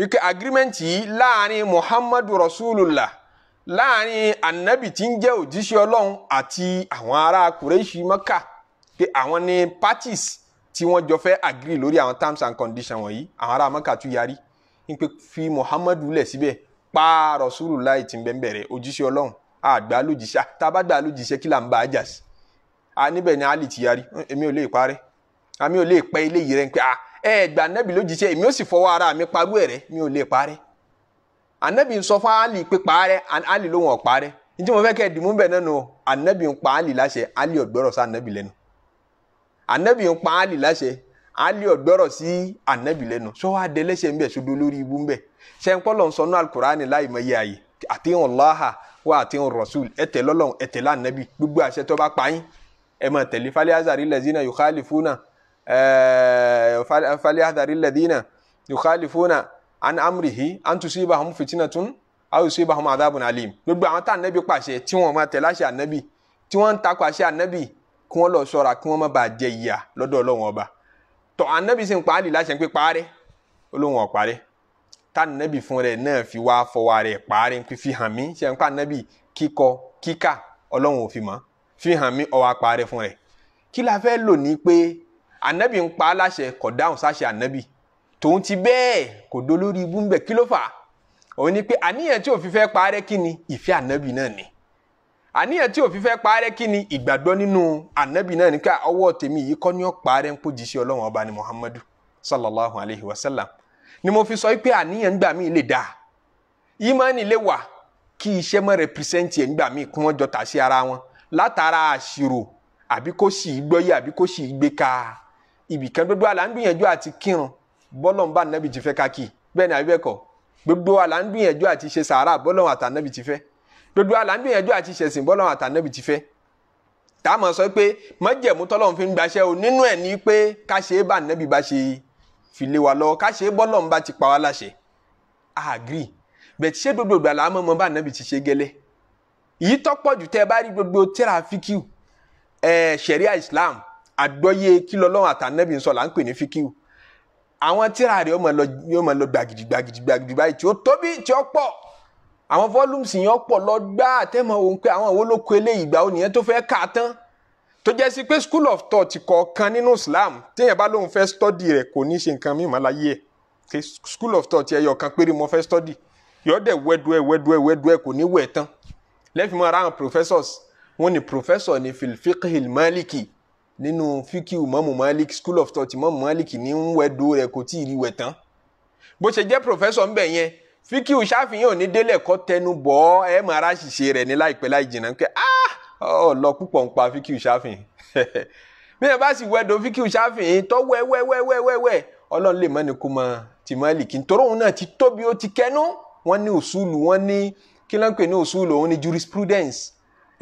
ike agreement yìí láàrin muhammadu rasulullah láàrin anabi tí ń jẹ́ òjíṣẹ́ ọlọ́run ati àwọn ará kureishi maka pé àwọn ni parties tí wọ́n jọ fẹ́ agree lórí àwọn terms and conditions wọ̀nyí àwọn ará maka tún yarí wípé fi Muhammadu lẹ̀ síbẹ̀ pa Rasulullahi tí ń bẹ ń bẹ̀rẹ̀ agba ọlọ́run àgbà lójíṣẹ́ tá a bá gbà lójíṣẹ́ kí là ń bá a jà a níbẹ̀ ni Ali ti yarí èmi ò lè parẹ́ àmì ò lè pẹ́ eléyìí rẹ̀ ń pẹ́ gbà nẹ́bì èmi ò sì fọwọ́ ara mi parú ẹ̀rẹ́ mi ò lè parẹ́ ànẹ́bì ń sọ fún Ali pé parẹ́ Ali ló parẹ́ mo fẹ́ kẹ́ dìmú Ali láṣẹ Ali ọ̀gbọ́rọ̀ ànẹ́bì lẹ́nu ànẹ́bì ń ali ọ̀gbọ́rọ̀ sí anabi lẹ́nu sọ wá dé lẹ́sẹ̀ ńbẹ̀ sódò lórí ibú ńbẹ̀ sẹ́ńpọ́lọ̀ ń sọnú alukur'ani láì mọ iye àyè àti ọ̀láhà wà àti rasul ẹ̀tẹ̀ lọ́lọ́run ẹ̀tẹ̀ lánàbì gbogbo àṣẹ tó bá pa yín ẹ̀ mọ̀ tẹ̀lé falihazari lẹ́zínà yukhalifuna eh, falihazari lẹ́zínà yukhalifuna an amrihi an tusibahum fitnatun aw yusibahum adhabun alim gbogbo àwọn tá ànábì pàṣẹ tí wọ́n máa tẹ̀lé àṣẹ ànábì tí wọ́n ń takò àṣẹ ànábì kí wọ́n lọ ṣọ́ra kí wọ́n má bàa jẹ ìyà lọ́dọ̀ ọlọ́run ọba tọ́ anabi sì ń pa á lè láṣẹ pé parẹ́ olóhùn ọ̀parẹ́ tá anabi fún rẹ̀ náà fi wá fọwọ́ rẹ̀ parẹ́ pé fi hàn mí ṣe ń pa anabi kíkọ kíkà ọlọ́run òfin mọ́ fi hàn mí ọwọ́ parẹ́ fún rẹ̀ kí la fẹ́ lò ní pé anabi ń pa á láṣẹ kọ̀ dáhùn sáṣẹ anabi tòun ti bẹ́ẹ̀ kò dolórí ibú ń bẹ̀ kí ló fà òun ni pé àníyàn tí òfin fẹ́ parẹ́ kí ni ìfẹ́ anabi náà ni àníyàn tí òfin fẹ́ parẹ́ kí ni ìgbàgbọ́ nínú ànábì náà ní ká ọwọ́ tèmi yìí kọ́ ní ó parẹ́ ń pójíṣẹ́ ọlọ́run ọba ni muhammadu sallallahu alayhi wa sallam ni mo fi sọ pé àníyàn gbà mí lè dáa ìmánì lè wà kí iṣẹ́ mọ́ represent ẹ̀ nígbà míì kí wọ́n jọ tà sí ara wọn látara àṣírò àbí kó sì í gbọ́yé àbí kó sì í gbé ka ibìkan gbogbo àlà ń gbìyànjú àti kírun bọ́lọ̀ ń bá ànábì ti fẹ́ ká kì bẹ́ẹ̀ ni àbí bẹ́ẹ̀ kọ́ gbogbo àlà ń gbìyànjú àti ṣẹ̀sìn bọ́lọ́run àtànẹ́bì ti fẹ́ tá a mọ̀ sọ pé mọ́jẹ̀mú tọ́lọ́run fi ń gbaṣẹ́ o nínú ẹ̀ ní pé ká ṣe é bá ànẹ́bì bá ṣe fi lé wa lọ ká ṣe é bọ́lọ́run bá ti pa wá láṣẹ a agree bẹ̀t ṣé gbogbo ìgbàlà àmọ́ mọ́ bá ànẹ́bì ti ṣe gẹ́lẹ́ èyí tọ́pọ̀ jù tẹ́ ẹ bá rí gbogbo tẹ́ráfíkìú ẹ̀ ṣẹ̀ríà Islam àgbọ́yé kílọ́lọ́run àtànẹ́bì ń sọ là ń pè ní fíkìú àwọn tíra rẹ̀ yóò máa lọ gbàgìdì gbàgìdì gbàgìdì báyìí tí ó tóbi àwọn volumes yẹn pọ̀ lọ gbá àtẹ́mọ̀ òun pé àwọn òwò ló kó eléyìí ìgbà òun nìyẹn tó fẹ́ kà á tán tó jẹ́ sí pé school of thought kọ̀ọ̀kan nínú Islam téèyàn bá lóun fẹ́ study rẹ̀ kò ní ṣe nǹkan mímọ́ láyé ẹ̀ school of thought ẹyọ kan péré mo fẹ́ study yọ̀ọ́ dẹ̀ wẹ́dùẹ́ wẹ́dùẹ́ wẹ́dùẹ́ kò ní wẹ̀ tán lẹ́fìmọ́ ara àwọn professors wọ́n ní professor ní filfiqhil maliki nínú fikiu mọ́mù malik school of thought mọ́mù maliki ní ń wẹ́dùẹ́ rẹ̀ kò tí ì rí wẹ̀ tán bó ṣe jẹ́ professor ń yẹn fíkìú ṣàfihàn ní délẹ̀ kọ́ tẹnu bọ̀ ọ́ ẹ mọ ara ṣìṣe rẹ̀ ní láìpẹ́ láì jìnnà pé ah! ọ lọ púpọ̀ ń pa fíkìú ṣàfihàn bí ẹ bá sì wẹ̀dọ̀ fíkìú ṣàfihàn tọ́ wẹ́wẹ́wẹ́wẹ́wẹ́ ọlọ́run lè mọ́ ni kó mọ tìmọ́lì kí n torí òun náà ti tóbi ó ti kẹnu wọ́n ní òṣùlù wọ́n ní kí ló ń pè ní òṣùlù òun ní jurisprudence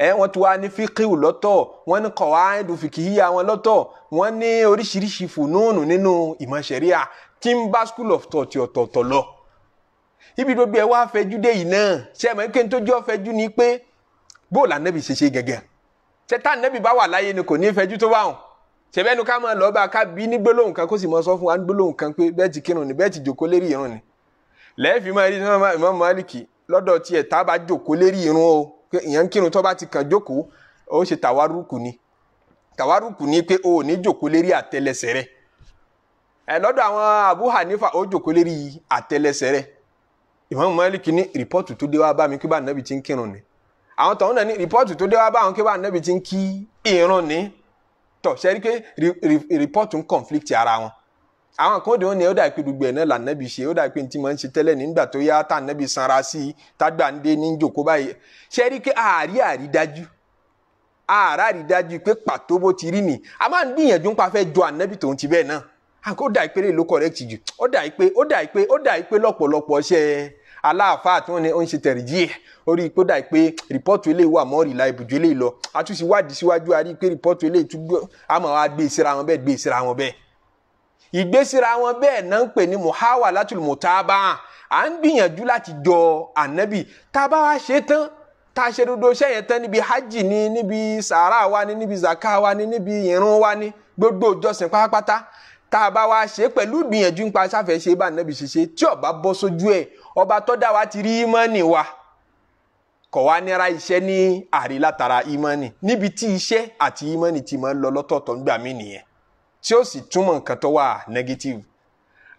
ẹ wọ́n ti wá ní fíkìú lọ́tọ̀ wọ́n ní kọ̀wáìdù fìkìhíyà wọn lọ́tọ̀ wọ́n ní oríṣiríṣi fùnúùnù nínú ìmọ̀ tí ń bá school of thought ọ̀tọ̀ọ̀tọ̀ lọ ibi gbogbo ẹ wá fẹjú dé yìí náà ṣe mọ ike tó jọ fẹjú ni pé bóòlù ànábì ṣe ṣe gẹ́gẹ́ ṣe tá ànábì bá wà láyé ni kò ní fẹjú tó bá wọn ṣẹbẹnu ká máa lọ bá ká bí ní gbólóhùn kan kó sì mọ sọ fún wa ní gbólóhùn kan pé bẹ́ẹ̀ ti kírun ni bẹ́ẹ̀ ti jòkó lérí irun ni lẹ́ẹ̀fì máa rí Imam Málìkì lọ́dọ̀ tiẹ̀ tá a bá jòkó lérí irun o ìyẹn ń kírun tó bá ti kàn jókòó ó ṣe tàwárùkù ni tàwárùkù ni pé o ò ní jòkó lérí àtẹlẹsẹ̀ rẹ ẹ lọ́dọ̀ àwọn Abu Hanifa ó jòkó lérí àtẹlẹsẹ̀ Imam Malik ní rìpọ́ọ̀tù tó dé wá bá mi kí bá nàbì ti ń kírun ni àwọn tọ̀hún náà ní rìpọ́ọ̀tù tó dé wá bá àwọn kí bá nàbì ti ń kí irun ni tọ̀ sẹ́rí pé rìpọ́ọ̀tù ń conflict ara wọn àwọn kan òdiwọ̀n ni ó dàbí pé gbogbo ẹ̀ náà là nàbì ṣe ó dàbí pé ntí máa ń ṣe tẹ́lẹ̀ nígbà tó yá tá nàbì sanra sí i tágbà ń dé ní jòkó báyìí sẹ́rí pé àárí àárí dájú àárá rí dájú pé pàtó bó ti rí ni a máa ń gbìyànjú nípa fẹ́ jọ ànábì aláàfáà tí wọ́n ní ó ń ṣe tẹ̀rìjì ẹ̀ orí pé ó dà pé rìpọ́ọ̀tù eléyìí wà mọ́ rìlà ìbùjú eléyìí lọ àtúnṣe wádìí síwájú a rí pé rìpọ́ọ̀tù eléyìí tún àmọ́ wa gbé síra wọn bẹ́ẹ̀ gbé síra wọn bẹ́ẹ̀ ìgbésíra wọn bẹ́ẹ̀ náà ń pè ní muhawa látùlù mùtábà à ń gbìyànjú láti jọ ànábì tá a bá wá ṣe tán tá a ṣe dodo iṣẹ́ yẹn tán níbi hajj ni níbi sàárà wa ni níbi zaka wa ni níbi ìrun wa ni gbogbo ìjọsìn pátápátá tá a bá wá ṣe pẹ̀lú ìgbìyànjú nípa sáfẹ́ ṣe bá ànábì ṣe ṣe tí ó bá bọ́ sójú ẹ̀ ọba tó dá wa ti rí ìmọ̀nì wa kọ̀ wá nira iṣẹ́ ní àrí látara ìmọ̀nì níbi tí iṣẹ́ àti ìmọ̀nì ti máa ń lọ lọ́tọ̀ọ̀tọ̀ nígbà mí nìyẹn tí ó sì túmọ̀ nǹkan tó wà negative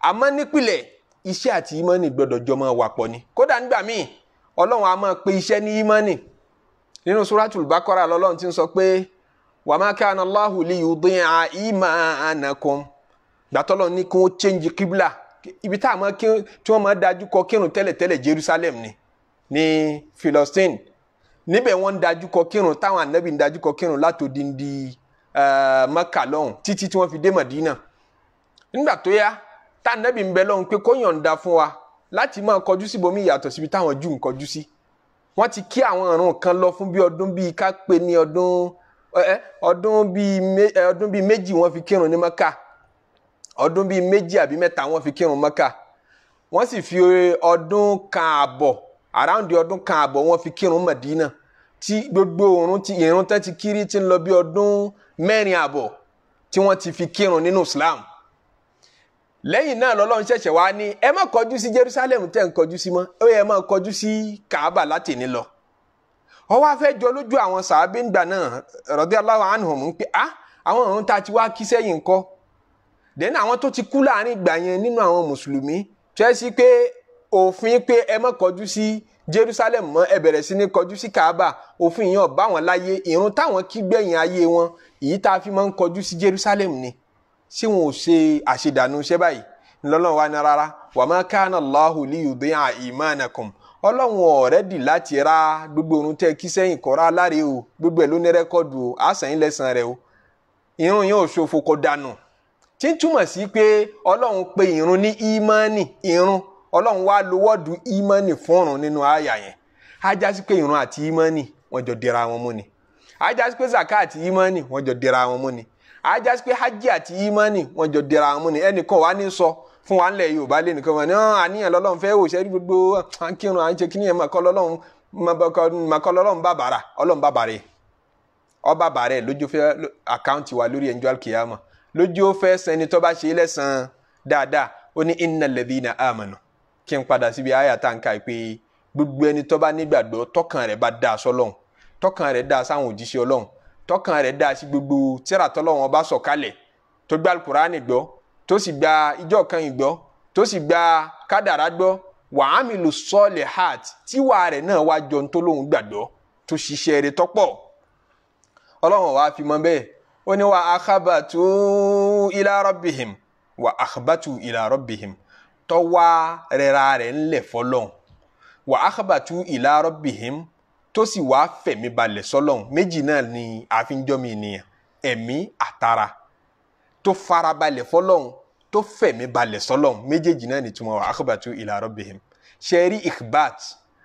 àmọ́ nípìnlẹ̀ iṣẹ́ àti ìmọ̀nì gbọ́dọ̀ jọ máa wà pọ̀ ni kódà nígbà míì ọlọ́run a máa pe iṣẹ́ ní ìmọ̀nì nínú suratul Baqara lọ́lọ́run ti ń sọ pé wa ma kana Allahu liyudi'a imanakum gbàtọ́lọ́ ní kí wọ́n change kíbla ibi tá a mọ kí tí wọ́n máa dájú kọ kírun tẹ́lẹ̀tẹ́lẹ̀ Jerusalem ni ní Philistine níbẹ̀ wọ́n ń dájú kọ kírun táwọn ànábì ń dájú kọ kírun látòdìndì Mẹ́kà lọ́hùn títí tí wọ́n fi dé Mọ̀dínà nígbà tó yá tá ànábì ń bẹ lọ́hùn pé kó yọ̀ǹda fún wa láti máa kọjú síbòmí ìyàtọ̀ síbi táwọn Júù ń kọjú sí wọ́n ti kí àwọn ọ̀run kan lọ fún bí ọdún bíi ká pé ní ọdún ọdún bíi méjì wọ́n fi kírun ní Mẹ́kà ọdún bíi méjì àbí mẹ́ta wọ́n fi kírun mọ́kà wọ́n sì fi ọdún kan àbọ̀ aráàndì ọdún kan àbọ̀ wọ́n fi kírun mọ̀dínà tí gbogbo òrùn ti ìrun tán ti kiri ti ń lọ bí ọdún mẹ́rin àbọ̀ tí wọ́n ti fi kírun nínú Islam lẹ́yìn náà lọ́lọ́run ṣẹ̀ṣẹ̀ wá ní ẹ má kọjú sí Jerusalem tẹ́ ń kọjú sí mọ́ ó yẹ má kọjú sí Kaaba láti ní lọ ó wá fẹ́ jọ lójú àwọn sàábìngbà náà radiyallahu anhum pé ah àwọn òrùn tá a ti wá kí sẹ́yìn ńkọ́ then àwọn tó ti kú láàrin ìgbà yẹn nínú àwọn mùsùlùmí tó yẹ sí pé òfin pé ẹ má kọjú sí Jerusalem mọ́ ẹ bẹ̀rẹ̀ sí ní kọjú sí Kaaba òfin yẹn ọba wọn láyé irun táwọn kí gbẹ̀yìn ayé wọn èyí tá a fi máa ń kọjú sí Jerusalem ni ṣé wọn ò ṣe àṣedànù iṣẹ́ báyìí lọ́lọ́run wa ní rárá wa ma kana Allahu liyudi'a imanakum ọrẹ ọ̀rẹ́dì láti ra gbogbo irun tẹ kí sẹ́yìn kọ́ra láre o gbogbo ẹ̀ ló ní rẹ́kọ́dù o àṣà yín rẹ o irun yẹn ò ṣòfò kọ dànù tí ń túmọ̀ sí pé ọlọ́run pe irun ní ìmánì irun ọlọ́run wá lo wọ́ọ̀dù ìmánì nínú àyà yẹn ajásí pé irun àti ìmánì wọ́n jọ dira wọn mú ni ajásí pé zaka àti ìmánì wọ́n jọ dira wọn mú ni pé hajj àti wọ́n jọ dira wọn mú ni ẹnìkan wà ní sọ fún wa ńlẹ̀ yorùbá lé nìkan wọn ni àníyàn lọ́lọ́run fẹ́ wò gbogbo màkọ́ lójú ó fẹ́ sẹni tó bá ṣe é lẹ́sàn-án dáadáa ó ní inna alladhina amanu kí n padà síbi àyà tá n ka pé gbogbo ẹni tó bá nígbàgbọ́ tọkàn rẹ̀ bá dáa sọ́lọ́hun tọkàn rẹ̀ dáa sáwọn òjíṣẹ́ ọlọ́hun tọkàn rẹ̀ dáa sí gbogbo tírà tọ́lọ́hun ọba sọ̀kalẹ̀ tó gba alukurani gbọ́ tó sì gba ìjọ kan ìgbọ́ tó sì gba kádàrá gbọ́ wàhámìlú sọ́ọ̀lì hàt tíwà rẹ̀ náà wá jọ ń tó lóhun gbàgbọ́ tó ṣiṣẹ́ rẹ̀ tọ́pọ̀ ọlọ́run wàá fi mọ bẹ́ẹ̀ ó ní wa akhabatu ila rabbihim wa akhabatu ila rabbihim tọ́wá rẹra rẹ̀ ńlẹ̀ fọlọ́n wa akhabatu ila rabbihim tó sì wá fẹ̀mí balẹ̀ sọlọ́n méjì náà ni àfihàn mi nìyẹn ẹ̀mí àtara tó farabalẹ̀ fọlọ́n tó fẹ̀mí balẹ̀ sọlọ́n méjèèjì náà ni túmọ̀ wa akhabatu ila ṣẹ́rí ikhbat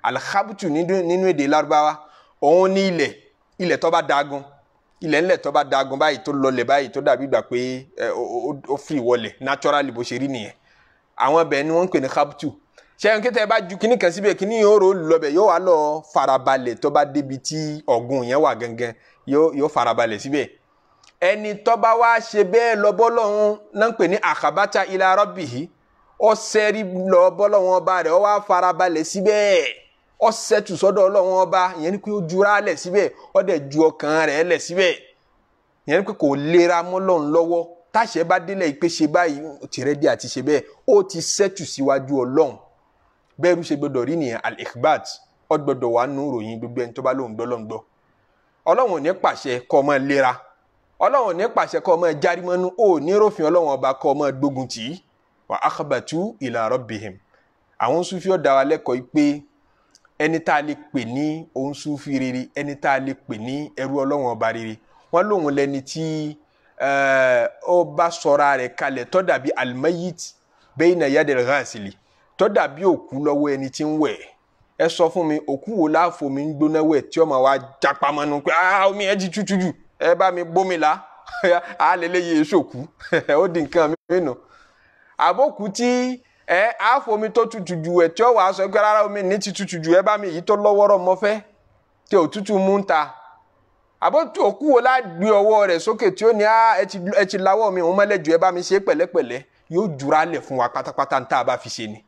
alhabutu nínú èdè lárúbáwá òun ní ilẹ̀ ilẹ̀ tó bá dagun ilẹ̀ ńlẹ̀ tó bá dagun báyìí tó lọlẹ̀ báyìí tó dàbí gbà pé ó fi ìwọlẹ̀ naturally bó ṣe rí nìyẹn àwọn ibẹ̀ ni wọ́n ń pè ní captu ṣẹ́yìn kí tẹ́ ẹ bá ju kíní kan síbẹ̀ kíní yóò rò lọ́bẹ̀ yóò wá lọ farabalẹ̀ tó bá débi tí ọ̀gùn yẹn wà gangan yóò farabalẹ̀ síbẹ̀ ẹni tó bá wá ṣe bẹ́ẹ̀ lọ bọ́lọ́hún náà ń pè ní àkàbátà ilà rọ́bì yìí ó lọ bọ́lọ́hún ọba rẹ̀ ó wá farabalẹ̀ síbẹ̀ ó ṣẹ́tù sọ́dọ̀ ọlọ́run ọba ìyẹn ni pé ó jura lẹ̀ síbẹ̀ ó dẹ̀ ju ọkàn rẹ̀ lẹ̀ síbẹ̀ ìyẹn ni pé kò lera mọ́lọ́run lọ́wọ́ táṣẹ bá délẹ̀ ìpè ṣe báyìí tìrẹ́ di àti ṣe bẹ́ẹ̀ ó ti ṣẹ́tù síwájú ọlọ́run bẹ́ẹ̀rù ṣe gbọdọ̀ rí nìyẹn al-ikhbat wà nù ròyìn gbogbo ẹni tó bá lóun gbọ́ lóun gbọ́ ọlọ́run ò ní pàṣẹ kọ́ ọmọ lera ọlọ́run ò ní pàṣẹ kọ́ ọmọ járímọ́nú ò ní rófin ọlọ́run ọba kọ́ ọmọ gbógun tì í wa akhbatu ila rabbihim àwọn sufi ó dá wa lẹ́kọ̀ọ́ pé ẹni tá a lè pè ní òun súnfì rere ẹni tá a lè pè ní ẹrú ọlọ́wọ́n ọba rere wọ́n lòun lẹni tí ó bá sọra rẹ̀ kalẹ̀ tó dàbí almayit bayna yadil ghasili tó dàbí òkú lọ́wọ́ ẹni tí ń wẹ̀ ẹ sọ fún mi òkú wo láàfo mi ń gbóná wẹ̀ tí ọmọ wa japa mọ́nu pé ah, omi ẹ ti tútù jù ẹ bá mi bómi la àálẹ̀ lè yẹ èso kú ó di nǹkan mi nù àbókù tí ẹ àfomi tó tutù jù ẹ tí ó wàá sọ pé rárá omi ní ti tutù jù ẹ bá mi èyí tó lọ́wọ́rọ́ mọ́ fẹ́ tí òtútù mú ń ta àbó òkú wo láàgbé ọwọ́ rẹ̀ sókè tí ó ní ẹ ti lawọ́ mi òun mọ́lẹ̀ jù ẹ bá mi ṣe pẹ̀lẹ́pẹ̀lẹ́ yóò jura lẹ̀ fún wa pátápátá ní tá a bá fi ṣe ni.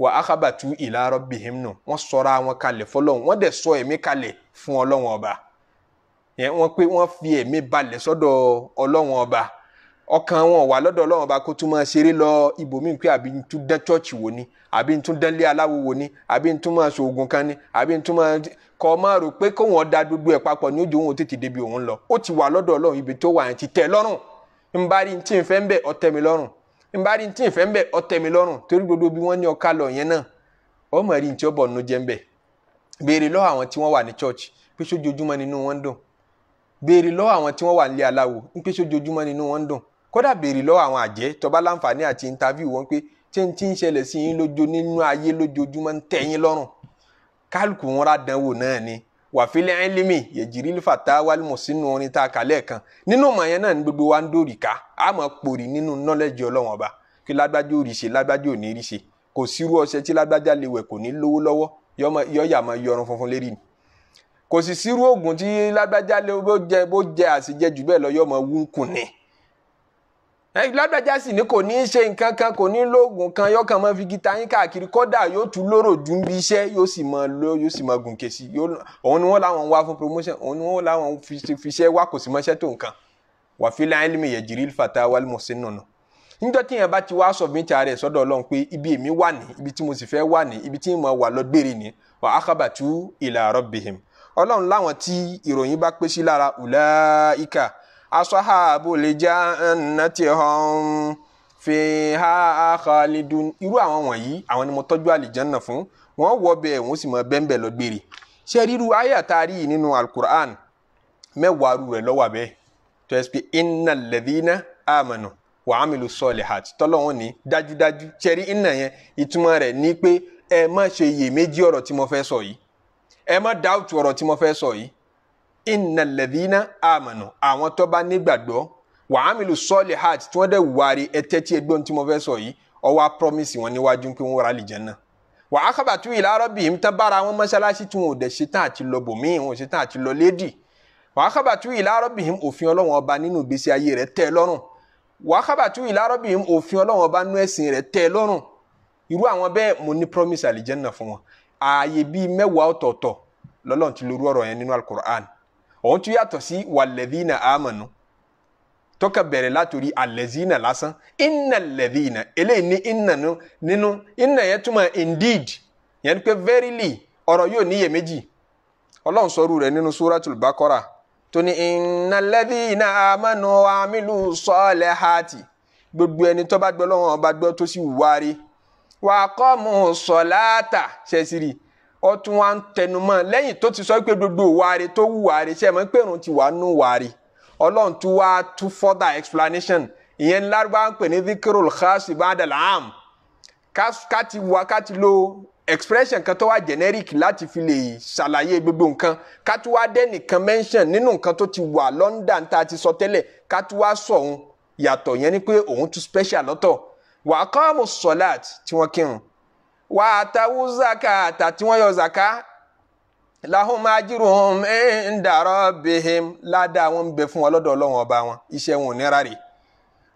wà á kábà tú ìlà rabbihim nù wọ́n sọra wọn kalẹ̀ fọlọ́hún wọ́n dẹ̀ sọ ẹ̀mí kalẹ̀ fún ọlọ́wọ́n ọba yẹn wọ́n pé wọ́n fi ẹ̀mí balẹ̀ sọ́dọ̀ ọlọ́wọ́n ọba ọkàn wọn wà lọ́dọ̀ ọlọ́run ọba kó tún máa ṣeré lọ ibòmíì pé àbí n tún dán chọ́ọ̀chì wò ni àbí n tún dán lé aláwo wò ni àbí n tún máa ṣoògùn kan ni àbí n tún máa kọ́ máa rò pé kó wọn da gbogbo ẹ̀ papọ̀ ní ojú òun tètè débi òun lọ ó ti wà lọ́dọ̀ ọlọ́run ibi tó wà yẹn ti tẹ́ lọ́rùn n bá rí tí n fẹ́ ń bẹ̀ ó tẹ́ mi lọ́rùn n bá rí tí n fẹ́ ń bẹ̀ mi lọ́rùn torí gbogbo bí wọ́n ní ọkà lọ yẹn náà ọmọ béèrè lọ́wọ́ àwọn tí wọ́n wà ní church pé sójoojúmọ́ nínú wọn dùn béèrè lọ́wọ́ àwọn tí wọ́n wà nílé aláwo ń dùn kódà béèrè lọ́wọ́ àwọn àjẹ́ tó láǹfààní àti interview wọn pé tí n ti ń ṣẹlẹ̀ sí yín lójó nínú ayé lójoojúmọ́ ń tẹ́ yín lọ́rùn kálukú wọn rà dánwò náà ni wàfílẹ̀ ẹ́límì yẹ̀jìrì fàtà wàlímọ̀ sínú orin tá a kà lẹ́ẹ̀kan nínú ọmọ yẹn náà ni gbogbo wa ń dòrì ká a máa pòrì nínú nọ́lẹ́jì ọlọ́wọ́n ọba kí lágbájá ò rí ṣe lágbájá ò ní rí ṣe kò sírú ọṣẹ tí lágbájá lè wẹ̀ kò ní lówó lọ́wọ́ yọ́yà máa yọrun funfun lérí ni kò sì sírú oògùn tí lágbájá lè bó jẹ àṣejẹ jù bẹ́ẹ̀ lọ yọ́ máa wú kùnì lágbàjá sì ní kò ní í ṣe nǹkan kan kò ní lóògùn kan yóò kàn máa fi gita yín káàkiri kódà yóò tún lóró ju bí iṣẹ́ yóò sì máa lọ yóò sì máa gùn kèsì òun ni wọ́n láwọn wá fún promotion òun ni wọ́n láwọn fi iṣẹ́ wá kò sí mọ́ṣẹ́ tó nǹkan wà fi láyé lè yẹ jìrì fata wà lè mọ̀ sí nànà. níjọ́ tí yẹn bá ti wá submit rẹ̀ sọ́dọ̀ Ọlọ́run pé ibi èmi wà ní ibi tí mo sì fẹ́ wà ní ibi tí mo wà lọ gbére ní wà ákàbàtú ila rabbihim Ọlọ́run ìròyìn bá pé lára ulaika asahabu lè já nàti hàn fi ha akhalidun irú àwọn wọ̀nyí àwọn ni mo tọ́jú àlìjánná fún wọn wọ bẹ́ẹ̀ wọn sì mọ bẹ́ẹ̀ lọ gbére ṣé ríru àyà tá a rí nínú alukur'an mẹ́wàá rú rẹ̀ lọ́wọ́ abẹ́ tó yẹ pé inna amanu wa amilu solihat tọ́lọ́wọ́n ní dájúdájú ṣé rí iná yẹn ìtumọ̀ rẹ̀ ní pé ẹ má ṣe iyèméjì ọ̀rọ̀ tí mo fẹ́ sọ yìí ẹ má dáùtù ọ̀rọ̀ tí mo fẹ́ sọ yìí innal ladhina amanu àwọn tó bá nígbàgbọ́ wa amilu solihat tí wọ́n dẹ̀ wùwárí ẹtẹ́ tí ẹgbẹ́ tí mo fẹ́ sọ yìí ọwọ́ promise wọn níwájú pé wọ́n wọra àlìjánnà wa akhbatu ila rabbihim tán bára wọn mọ́ṣáláṣí tí wọn ò dẹ̀ ṣetán àti lọ bòmíì wọn ò ṣetán àti lọ léèdì wa akhbatu ila rabbihim òfin ọlọ́wọ́n ọba nínú ìgbésí ayé rẹ̀ tẹ́ lọ́rùn wa akhbatu ila rabbihim òfin ọlọ́wọ́n ọba nínú ẹ̀sìn rẹ̀ tẹ́ lọ́rùn irú àwọn bẹ́ẹ̀ mo ní promise àlìjánnà fún wọn ààyè bíi mẹ́wàá ọ̀tọ̀ọ̀tọ̀ lọ́lọ́run ti lorú ọ̀rọ̀ yẹn nínú alukur'an òun tún yàtọ̀ sí wàlẹ́dínà àmọ̀nù tọ́ka bẹ̀rẹ̀ látòrí àlẹ́zínà lásán ìnà lẹ́dínà eléyìí ní ìnà nínú ìnà yẹn túmọ̀ indeed yẹn ni pé verily ọ̀rọ̀ yóò níyèméjì ọlọ́run sọ̀rọ̀ rẹ̀ nínú suratul Baqara tó ní ìnà lẹ́dínà àmọ̀nù àmìlú sọ́ọ̀lẹ̀ hàtì gbogbo ẹni tó bá gbọ́ lọ́wọ́ ọba gbọ́ tó sì wárí wàá kọ́ mu sọ̀láàtà ṣẹ́sìrì ó tún wá ń tẹnumọ́ lẹ́yìn tó ti sọ pé gbogbo wàre tó wù wàre ṣe mọ̀ pé òun ti wà nù wàre ọlọ́run tún wá tún further explanation ìyẹn lárúbá ń pè ní dhikrul khasi badal am ká ti wá ká ti lo expression kan tó wá generic láti fi lè ṣàlàyé gbogbo nǹkan ká tún wá dẹ́nìkan mention nínú nǹkan tó ti wà London tá a ti sọ tẹ́lẹ̀ ká tún wá sọ òun yàtọ̀ yẹn ni pé òun tún special lọ́tọ̀ wàá kọ́ àmọ̀ sọ́láàt tí wọ́n kírun wà á tawú zaka tàtí wọ́n yọ zaka lahum ajruhum inda rabbihim ládàá wọn bẹ fún wọn lọ́dọ̀ ọlọ́wọ́n ọba wọn iṣẹ́ wọn ò ní rárẹ̀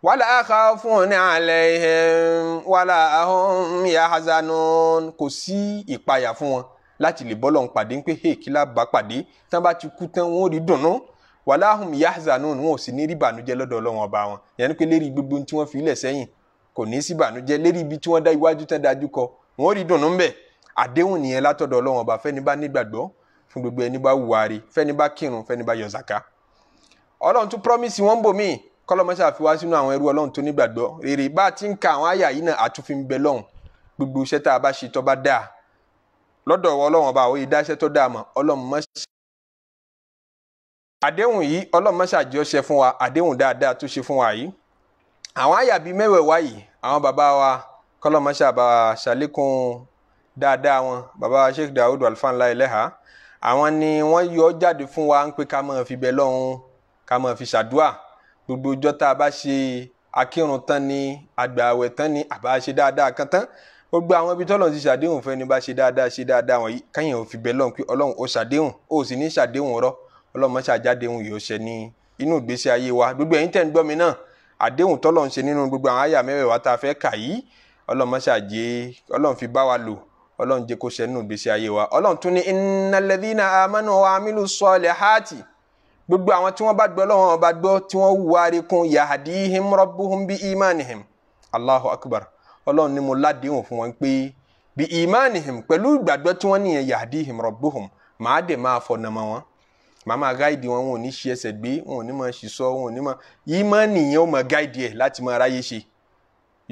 wàlà àkàfún àlẹ́hìn wàlà àhún yahazanun kò sí ìpayà fún wọn láti lè bọ́lọ̀ ń pàdé ń pé hey kí la bá pàdé tán bá ti kú tán wọn ò rí dùnnú wàlà àhún yahazanun wọn ò sì ní rí bànújẹ́ lọ́dọ̀ ọlọ́wọ́n ọba wọn yẹn ni pé lérí gbogbo tí wọ́n fi ilẹ̀ sẹ́yìn kò ní sí bànújẹ́ lérí ibi tí wọ́n dá iwájú tán dájú kọ wọ́n rí dùnnú ń bẹ̀ àdéhùn nìyẹn látọ̀dọ̀ ọlọ́run ọba fẹ́ni bá nígbàgbọ́ fún gbogbo ẹni bá wùwárí fẹ́ni bá kírun fẹ́ni bá yọ̀zàká ọlọ́run tún promise wọ́n bò míì kọ́lọ́mọ́sá fi wá sínú àwọn ẹrú ọlọ́run tó nígbàgbọ́ rere bá a ti ń ka àwọn àyà yìí náà àtúnfi ń bẹ lọ́hùn gbogbo iṣẹ́ tá a bá ṣe tó bá dáa lọ́dọ̀ ọlọ́run ọba àwọn ìdáṣẹ́ tó dáa mọ̀ ọlọ́run mọ́ àdéhùn yìí ọlọ́run mọ́ ṣàjọ fún wa àdéhùn dáadáa tó ṣe fún wa yìí àwọn àyà bíi mẹ́wẹ̀ẹ̀wá yìí àwọn bàbá wa kọlọmọṣà bá ṣàlékún dáadáa wọn bàbá Sheikh Daoud Alfanla Eleha àwọn ni wọ́n yọ jáde fún wa ń pé ká máa fi bẹ̀ lọ́hùn ká máa fi ṣàdúà gbogbo ọjọ́ tá a bá ṣe akírun tán ni àgbààwẹ̀ tán ni àbá ṣe dáadáa kan tán gbogbo àwọn ibi tọ́lọ́run ti ṣàdéhùn fún ẹni bá ṣe dáadáa ṣe dáadáa wọ̀nyí káyìn ò fi bẹ̀ lọ́hùn pé ọlọ́run ó ṣàdéhùn ó sì ní ṣàdéhùn rọ́ ọlọ́run máa yìí ó ṣẹ ní inú ìgbésí ayé wa gbogbo ẹ̀yin tẹ̀ ń gbọ́ mi náà àdéhùn tọ́lọ́run ṣe nínú gbogbo àwọn àyà mẹ́wẹ̀ẹ́wá tá a fẹ́ kà yìí ọlọ́run mọ́ṣá jẹ́ ọlọ́run fi bá wa lò ọlọ́run jẹ́ kó ṣẹnu ìgbésí ayé wa ọlọ́run tún ní innalladhina amanu wa amilu salihati gbogbo àwọn tí wọ́n bá gbọ́ lọ́wọ́ ọba gbọ́ tí wọ́n wù wárí kún yahdihim rabbuhum bi imanihim allahu akbar ọlọ́run ni mo ládéhùn fún wọn pé bi imanihim pẹ̀lú ìgbàgbọ́ tí wọ́n nìyẹn yahdihim rabbuhum màá dẹ̀ máa fọ̀nà mọ́ wọn màá gáìdì wọn wọn ò ní ṣe ẹsẹ̀ gbé wọn ò ní máa ṣìṣọ́ wọn ò ní máa ìmánì yẹn ó máa gáìdì ẹ̀ láti máa ráyé ṣe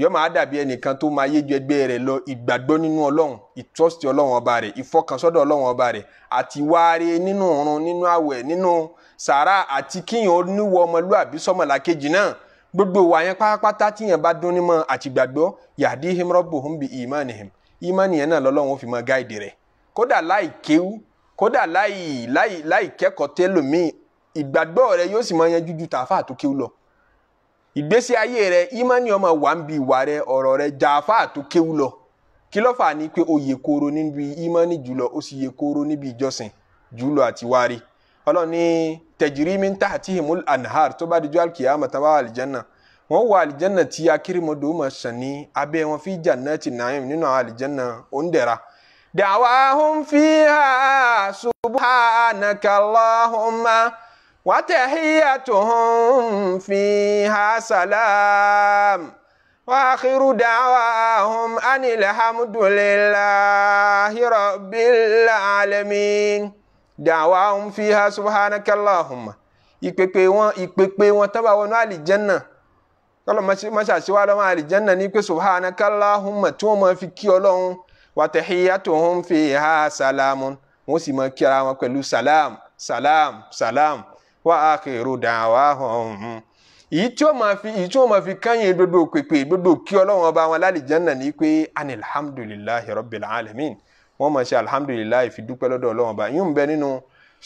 yóò máa dàbí ẹnìkan tó máa yéjú ẹgbẹ́ rẹ̀ lọ ìgbàgbọ́ nínú ọlọ́run ìtọ́sí ọlọ́run ọba rẹ̀ ìfọkànsọ́dọ̀ ọlọ́run ọba rẹ̀ àti wáre nínú ọ̀run nínú àwẹ̀ nínú sàrà àti kíyàn oníwọ ọmọlúàbí sọmọlá kejì náà gbogbo wa yẹn pátápátá tíyàn bá dún ní mọ́ àti gbàgbọ́ yahdihim rabbuhum bi imanihim ìmánì yẹn náà lọ́lọ́run fi máa gáìdì rẹ̀ kódà láì kéwú kódà láì láì láì kẹ́kọ̀ọ́ ìgbésí ayé rẹ ìmánì ọmọ wà ń bi ìwà rẹ ọ̀rọ̀ rẹ jàáfà tó kéwú lọ kí ló fà ní pé ó yè kooro níbi ìmánì jùlọ ó sì yè kooro níbi ìjọsìn jùlọ àti wárí ọlọ́run ní mi ń tà àti himul anhar tó bá dijú alkiyama tá a bá wà àlìjánà wọ́n wà àlìjánà tí akérèmọdò mà sàn ní abẹ́ wọn fi jannati naim nínú àwọn àlìjánà òǹdẹ̀ra. da'wahum fiha subhanaka Allahumma. وتحيتهم فيها سلام وآخر دعواهم أن الحمد لله رب العالمين دعواهم فيها سبحانك اللهم ìpèpè wọn ìpèpè wọn tó bá wọnú àlìjẹ́nà kọ́lọ́ mọ́ṣáṣíwá lọ́wọ́ àlìjẹ́nà ní pé subhanaka Allahumma tí wọ́n máa fi kí ọlọ́run wa tahiyyatuhum fiha salamun wọ́n sì máa kí ara wọn pẹ̀lú salam salam salam wá akhiru da'wahum èyí tí ó máa fi èyí tí ó máa fi kányìn gbogbo pèpè gbogbo kí ọlọ́run ọba wọn lálìjánná ní pé anilhamdulilayi rabbil alamin wọ́n máa ṣe alhamdulilayi fi dúpẹ́ lọ́dọ̀ ọlọ́run ọba yóò ń bẹ nínú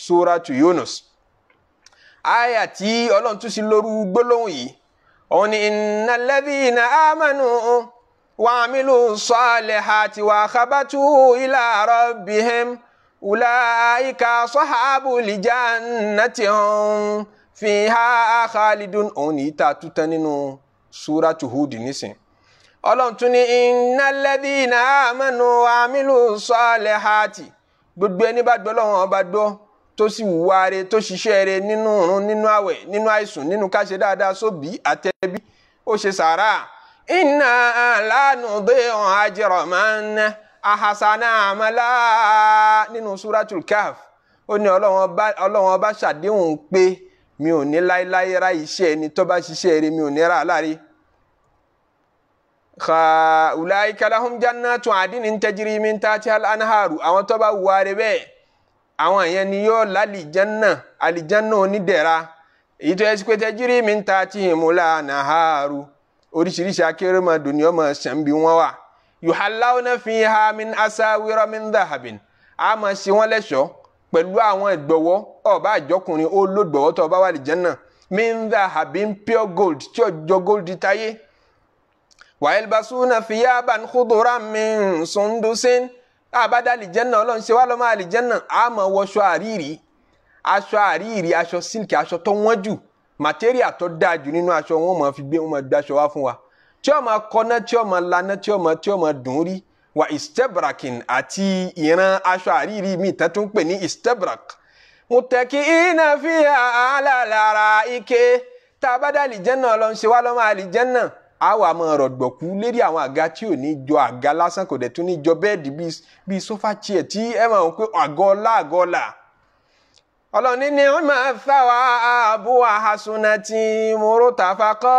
suratu yunus aya tí ọlọ́run tún sí lórí gbólóhùn yìí òun ni innal ladhina amanu wa amilu salihati wa khabatu ila rabbihim ulaika sọ́hábù lìjànnàtì hàn fi ha khalidun òun ní ìta tuntun nínú suratu Hud nísìn ọlọ́run tún ní innal ladhina amanu wa amilu salihati gbogbo ẹni bá gbọ́ lọ́wọ́n ọba gbọ́ tó sì wùwà rẹ̀ tó ṣiṣẹ́ rẹ̀ nínú ìrun nínú àwẹ̀ nínú àìsùn nínú káṣe dáadáa sóbì àtẹbí ó ṣe sàárà inna la nudhi'u ajra man ahasana amala nínú suratul Kahf ó ní ọlọ́run ọba ṣàdéhùn pé mi ò ní láéláé ra iṣẹ́ ẹni tó bá ṣiṣẹ́ rẹ̀ mi ò ní ra láre. ulaika lahum jannatu adnin tajri min tahtiha al-anharu àwọn tó bá wù wá rẹ̀ bẹ́ẹ̀ àwọn yẹn ni yóò lálìjánná àlìjánná onídẹ̀ra èyí tó yẹ sí pé tajri min tahtihimul anharu oríṣiríṣi akérèmọdò ni ọmọ ṣàn bí wọn wà yuhalawna fiha min asawira min dahabin a máa ṣe wọ́n lẹ́ṣọ̀ọ́ pẹ̀lú àwọn ìgbọ̀wọ́ ọba àjọkùnrin ó lògbọ̀wọ́ tó ọba wà lè jẹ́ náà min dahabin pure gold tí ọjọ́ gold táyé wàyẹlbasúnà fiyaban khudran min sundusin àbádá àlìjẹ́nà ọlọ́run ṣe wá lọ́mọ àlìjẹ́nà a máa wọṣọ àríìrí aṣọ àríìrí aṣọ sílìkì aṣọ tó wọ́n jù màtẹ́ríà tó dáa jù nínú aṣọ wọn máa fi gbé wọn máa gbé aṣọ wá fún wa tí ó máa kọ́ná tí ó máa laná dùn rí wa istebrakin àti ìran aṣọ àríyí mi tẹ́ tún pè ní istebrak mutakiina fiha ala laraike tábàdà àlìjẹ́nà ọlọ́run ṣe wá lọ́mọ àlìjẹ́nà a wà máa rọ̀gbọ̀kú lérí àwọn àga tí ò ní jọ àga lásán kò dẹ̀ tún ní jọ bẹ́ẹ̀dì bíi sófà tiẹ̀ tí ẹ máa ń pè àgọ́ ọlá àgọ́ ọlá ọlọ́run ní ní ọmọ fáwa àbú àhásùnà tí mo rò tà fakọ́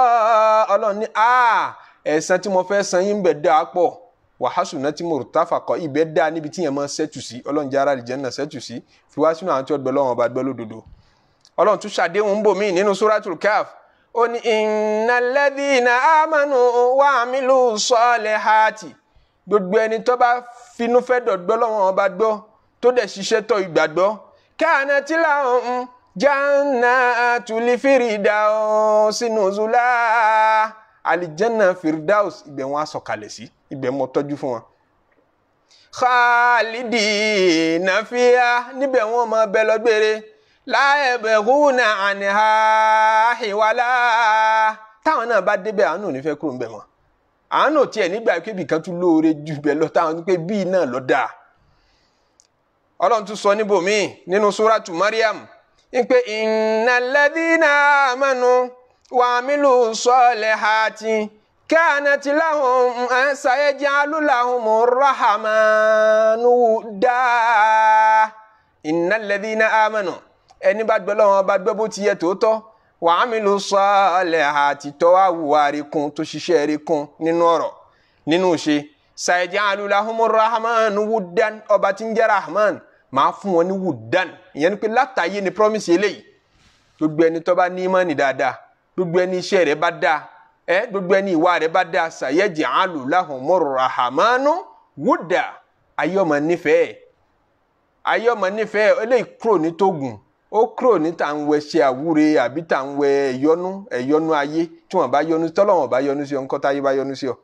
ọlọ́run ní a ẹ̀san tí mo fẹ́ san yín bẹ̀ dáa pọ̀ wàhásùnà tí mo rò tà fakọ́ ibẹ̀ dáa níbi tí yẹn máa ṣẹ́tù sí ọlọ́run jára àlìjẹ́nà ṣẹ́tù sí fi wá sínú àwọn tí wọ́n gbẹ́ lọ́wọ́ ọba gbẹ́ lódodo ọlọ́run tún ṣàdéhùn bò nínú suratul Kahf ó ní innal ladhina amanu wa amilu salihati gbogbo ẹni tó bá finú fẹ́ dọ̀gbọ́ lọ́wọ́ ọba gbọ́ tó dẹ̀ ṣiṣẹ́ tọ́ ìgbàgbọ́ كانت لهم جنات الفردوس نزلا alijanna firdaus ibẹ̀ wọn asọ̀kalẹ̀ sí ibẹ̀ mo tọ́jú fún wọn. khalidi nafiya níbẹ̀ wọn máa bẹ lọ́gbére láẹ̀bẹ̀húnà àníhà ìwàlá táwọn náà bá débẹ̀ àánú nífẹ̀ẹ́ kúrò ń bẹ̀ mọ́ àánú tiẹ̀ nígbà kébì kan tún lóore jù bẹ́ẹ̀ lọ táwọn pé bíi náà lọ dáa ọlọ́run tún sọ níbòmíì nínú súrátù Maryam ìpè ìnàlẹ́dínà àmọ́nu wàmílù sọ́ọ̀lẹ̀ hàtì kanat lahum sayajalu lahum rahmanu daa innal ladhina amanu ẹni bá gbọ́ lọ́wọ́ bá gbọ́ bó ti yẹ tòótọ́ wa amilu salihati tọ́wá wùwà rí kun tó ṣiṣẹ́ rí kun nínú ọ̀rọ̀ nínú ṣe sayaj'alu lahumu rahman wuddan ọba tí ń jẹ́ rahman máa fún wọn ní wuddan ìyẹn ni pé látàyè ni promise eléyìí gbogbo ẹni tó bá ní ìmọ̀ni dáadáa gbogbo ẹni iṣẹ́ rẹ̀ bá dáa ẹ gbogbo ẹni ìwà rẹ̀ bá dáa sayaj'alu lahumu rahman wudda ayé ọmọ nífẹ̀ẹ́ ayé ọmọ nífẹ̀ẹ́ eléyìí kúrò ní tógun ó kúrò ní tà ń wẹ ṣe àwúre àbí tà ń wẹ ẹ̀yọnú ẹ̀yọnú ayé tí wọ́n bá yọnu tọ́lọ́wọ́n bá yọnu sí ọ ńkọ́ táyé bá yọnu sí ọ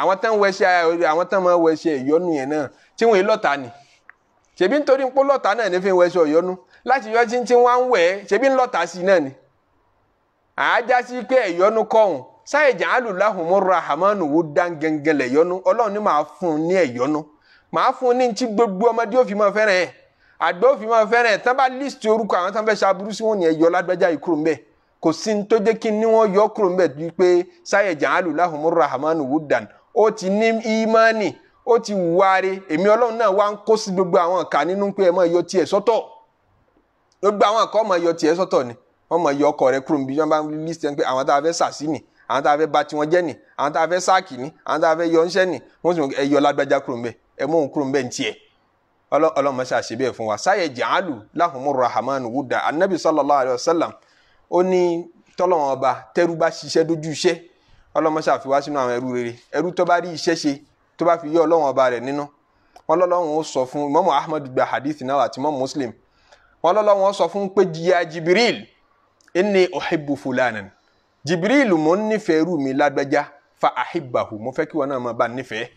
àwọn tán wẹṣẹ àwọn tán máa wẹṣẹ ìyọnu yẹn náà tí wọn yìí lọta ni ṣèbí nítorí pé lọta náà ní fi wẹṣẹ ìyọnu láti yọ tí tí wọn ń wẹ ṣèbí ńlọta sí náà ni àájá sí pé ìyọnu kọhùn sáyẹjà alùláhùn mọra hamanu wò dán gẹngẹn lẹ Ọlọ́run ni màá fún un ní ẹyọnu màá fún un ní ti gbogbo ọmọdé òfin máa fẹ́ràn ẹ àgbà òfin máa fẹ́ràn ẹ tán bá lísìtì orúkọ àwọn tán fẹ́ ṣaburú sí wọn ni ẹyọ lágbájá yìí kúrò mbẹ kò sí ní tó jẹ́ kí ni wọ́n yọ kúrò mbẹ ju pé sáyẹjà alùláhùn mọra hamanu wò dán ó ti ní ìmánì ó ti wùwáre èmi ọlọ́run náà wá ń kó sí gbogbo àwọn ìka nínú pé ẹ yọ tiẹ̀ sọ́tọ̀ gbogbo àwọn ìka ọmọ yọ tiẹ̀ sọ́tọ̀ ni wọ́n mọ̀ yọ ọkọ̀ rẹ kúrò níbi wọ́n bá ń lísì pé àwọn tá a fẹ́ sàsí nì àwọn tá a fẹ́ bà tiwọn jẹ́ nì àwọn tá a fẹ́ sáàkì nì àwọn tá a fẹ́ yọ ńṣẹ́ nì wọ́n sì mọ̀ ẹ lágbájá kúrò ńbẹ̀ ẹ mọ̀ kúrò ńbẹ̀ ntiẹ̀ ọlọ́run mọ̀ ṣàṣe fún wa sáyẹ̀ jàálù láhùnmú rahman wúdà anabi sallallahu alayhi wa sallam ó ní tọ́lọ́wọ́n ọba tẹ́rú bá ṣiṣẹ́ dójú iṣẹ́ ọlọ́mọṣà fi wá sínú àwọn ẹrú rere ẹrú tó bá rí iṣẹ́ ṣe tó bá fi yọ ọlọ́run ọba rẹ̀ nínú wọn lọ́lọ́run ó sọ fún Imam Ahmad gba hadith náà àti Imam Muslim wọn lọ́lọ́run ó sọ fún pé jìyà Jibril inni uhibbu fulanan Jibril mo ń nífẹ̀ẹ́ ẹrú mi lágbájá fa ahibbahu mo fẹ́ kí wọn náà máa bá nífẹ̀ẹ́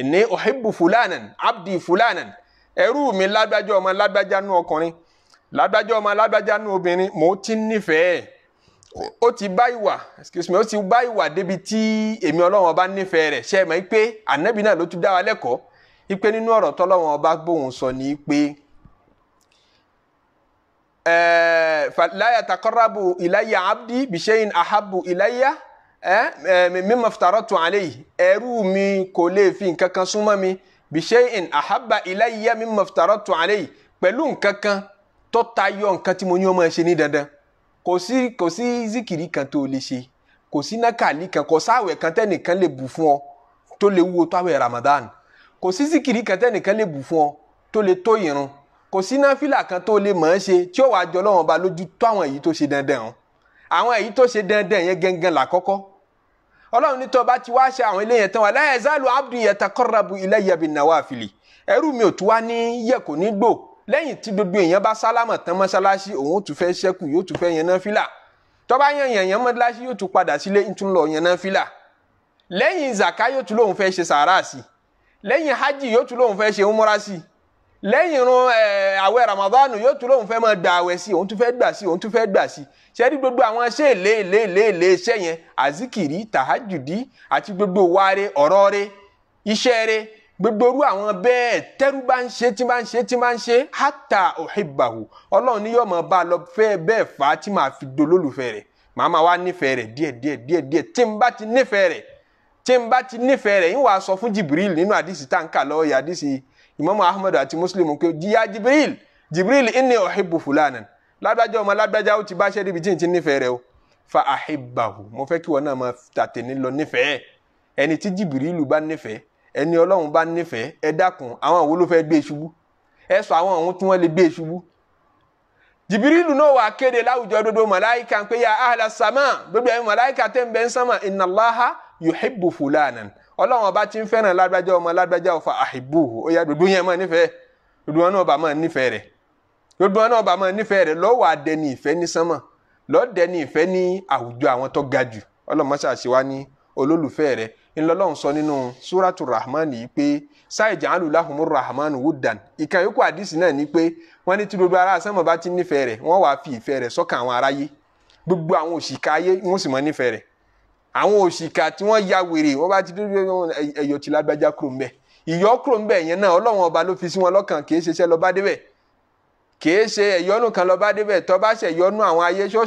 inni uhibbu fulanan abdi fulanan ẹrú mi lágbájá ọmọ lágbájá nú ọkùnrin lágbájá ọmọ lágbájá nú obìnrin mo ti nífẹ̀ẹ́ ó ti bá ìwà excuse me ó ti bá ìwà débi tí èmi ọlọ́run ọba nífẹ̀ẹ́ rẹ̀ ṣe é mọ̀ pé ànábì náà ló tún dá wa lẹ́kọ̀ọ́ ipe nínú ọ̀rọ̀ tọ́lọ́run ọba bóun sọ ni pé láyà takọ́rábù ìláyà abdi bìṣẹ́yìn ahabu ìláyà mímọ fìtàrọ́tù àlẹ́ ẹrú mi kò lè fi nǹkan kan súnmọ́ mi bìṣẹ́yìn ahaba ìláyà mímọ fìtàrọ́tù àlẹ́ pẹ̀lú nǹkan kan tó tayọ nǹkan tí mo ní ọmọ ẹ ṣe ní dandan kò sí kò sí zikiri kan tó o lè ṣe kò sí nákàlí kan kò sáwẹ̀ kan tẹ́nìkan lè bù fún ọ tó lè wúwo tó àwẹ̀ Ramadan kò sí zikiri kan tẹ́nìkan lè bù fún ọ tó lè tó ìrun kò sí náfìlà kan tó lè mọ̀ ọ́n ṣe tí ó wàá jọ lọ́wọ́n ba lójú tó àwọn èyí tó ṣe dandan o àwọn èyí tó ṣe dandan yẹn gangan làkọ́kọ́ ọlọ́run ní tó bá ti wá ṣe àwọn eléyẹn tán wà la yazalu abdu yataqarrabu ilayya bin nawafili ẹrú mi ò tún wá ní yẹ kò ní gbò lẹ́yìn tí gbogbo èèyàn bá sálámọ̀ tán mọ́ṣáláṣí òun tún fẹ́ ṣẹ́kù yóò tún fẹ́ yan náà fìlà tó bá yan yàn yàn mọ́ṣáláṣí yóò tún padà sílé ń tún lọ yan náà fìlà lẹ́yìn zaka yóò tún lóun fẹ́ ṣe sàárà sí lẹ́yìn hajj yóò tún lóun fẹ́ ṣe umra sí lẹ́yìn irun àwẹ̀ ramadan yóò tún lóun fẹ́ máa gba àwẹ̀ sí òun tún fẹ́ gbà sí òun tún fẹ́ gbà sí ṣẹ́rí gbogbo àwọn ṣé èlé èlé èlé èlé iṣẹ́ yẹn àzíkìrí tàhájùdí àti gbogbo wáre ọ̀rọ̀ re iṣẹ́ re gbogbo irú àwọn bẹ́ẹ̀ tẹ́rú bá ń ṣe tí bá ń ṣe tí bá ń ṣe hátà òhìbàwò ọlọ́run ni yóò máa bá a lọ fẹ́ bẹ́ẹ̀ fà á tí màá fi dolólùfẹ́ rẹ̀ màá máa wá nífẹ̀ẹ́ rẹ̀ díẹ̀ díẹ̀ díẹ̀ díẹ̀ tí n bá ti nífẹ̀ẹ́ rẹ̀ tí n bá ti nífẹ̀ẹ́ rẹ̀ yín wàá sọ fún Jibril nínú àdìsí táǹkà lọ́wọ́ yà àdìsí Imamu Ahmad àti Muslim pé jìyà Jibril Jibril inni òhìbù fúlànà lágbájá ọmọ lágbájá ó ti bá ṣẹ́ níbi tí n ti nífẹ̀ẹ́ rẹ̀ o fa àhìbàwò mo fẹ́ kí wọn náà máa tàtẹ̀ nílọ nífẹ̀ẹ́ ẹni tí Jibrilu bá nífẹ̀ẹ́ ẹni ọlọ́run bá nífẹ̀ẹ́ ẹ dákun àwọn wo ló fẹ́ gbé e ṣubú ẹ sọ àwọn ohun tí wọ́n lè gbé e ṣubú. jìbìrìlù náà wà kéde láwùjọ dodo màláìka pé ya ahla sama gbogbo ẹ̀yin màláìka tẹ́ ń bẹ ń sánmà inna Allaha yuhibbu fulanan ọlọ́run ọba ti ń fẹ́ràn lágbájá ọmọ lágbájá ọ̀fà ahibbuhu ó yá dodo yẹn máa nífẹ̀ẹ́ dodo wọn náà bá máa nífẹ̀ẹ́ rẹ̀ dodo wọn náà bá máa nífẹ̀ẹ́ rẹ̀ lọ́wọ́ adẹni ìfẹ́ ní sánmà lọ́dẹni ìfẹ́ ní àwùjọ àwọn tó ga jù ọlọ́run ní olólùfẹ́ rẹ̀ ńlọlọ́run sọ nínú suratu rahman yìí pé sáìjà ń lùlá fún rahman wúdàn ìka yòókù àdìsí náà ni pé wọ́n ní tí gbogbo ara sánmọ̀ bá ti nífẹ̀ẹ́ rẹ̀ wọ́n wàá fi ìfẹ́ rẹ̀ sọ́kàn àwọn aráyé gbogbo àwọn òṣìkà ayé wọ́n sì mọ́ nífẹ̀ẹ́ rẹ̀ àwọn òṣìkà tí wọ́n ya wèrè wọ́n bá ti dúró ẹ̀yọ̀ tí lágbájá kúrò ń bẹ̀ ìyọ́ kúrò ń bẹ̀ yẹn náà ọlọ́run ọba ló fi sí wọn lọ́kàn kì í ṣe iṣẹ́ lọ́ba débẹ̀ kìí ṣe ẹ̀yọ́nù kan lọ́ba débẹ̀ tó ṣẹ̀yọ́nù àwọn ayé ṣó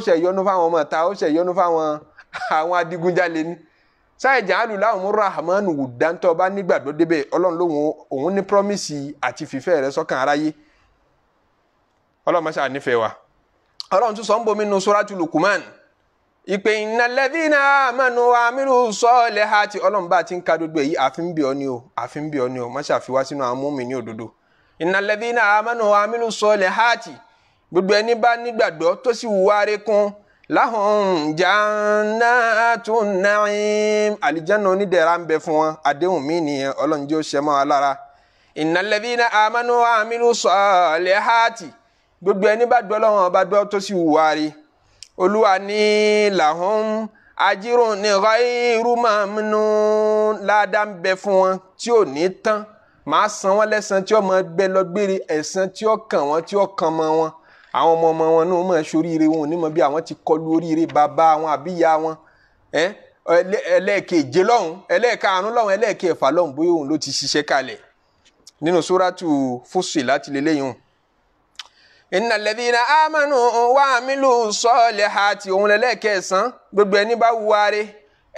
fáwọn ọmọ ó ṣẹ̀yọ́nù fáwọn àwọn adigunjalè ni sáyẹ̀jì alùlá òun rahman wùdán tó bá nígbàgbọ́ débẹ̀ ọlọ́run lòun òun ní promise àti fífẹ́ rẹ sọ́kàn aráyé ọlọ́run máa ṣànífẹ̀ẹ́ wa tún nu lukuman ìpè ha ti bá ti ń ka ọ ni o àfin bí ọ ni o sínú mi ní òdodo ha ti gbogbo ẹni bá tó sì wúwárẹ́ kún lahum jannatun na'im alijanna onídẹ̀ra ń bẹ fún wọn àdéhùn mi nìyẹn ọlọ́run jẹ́ ó ṣe mọ́ wa lára innal ladhina amanu wa amilu salihati gbogbo ẹni bá gbọ́ lọ́wọ́n bá gbọ́ tó sì wùwà rí olúwa ní lahum ajírun ní ghayru mamnun ládàá ń bẹ fún wọn tí ò ní tán màá san wọn lẹ́san tí ó máa gbé lọ tí ó kàn wọ́n tí ó kàn mọ́ wọn àwọn ọmọ ọmọ wọn náà mọ̀ sóríire wọn ò ní mọ̀ bí àwọn ti kọlu oríire bàbá wọn àbíyá wọn ẹlẹ́ẹ̀keje lọ́hùn ẹlẹ́ẹ̀karùn lọ́hùn ẹlẹ́ẹ̀kẹfà lọ́hùn bóyá òun ló ti ṣiṣẹ́ kalẹ̀ nínú sóràtù Fussilat lélẹ́yìn òun. Innal ladhina amanu wa amilu solihati òun lẹ́lẹ́kẹsàn gbogbo ẹni bá wuware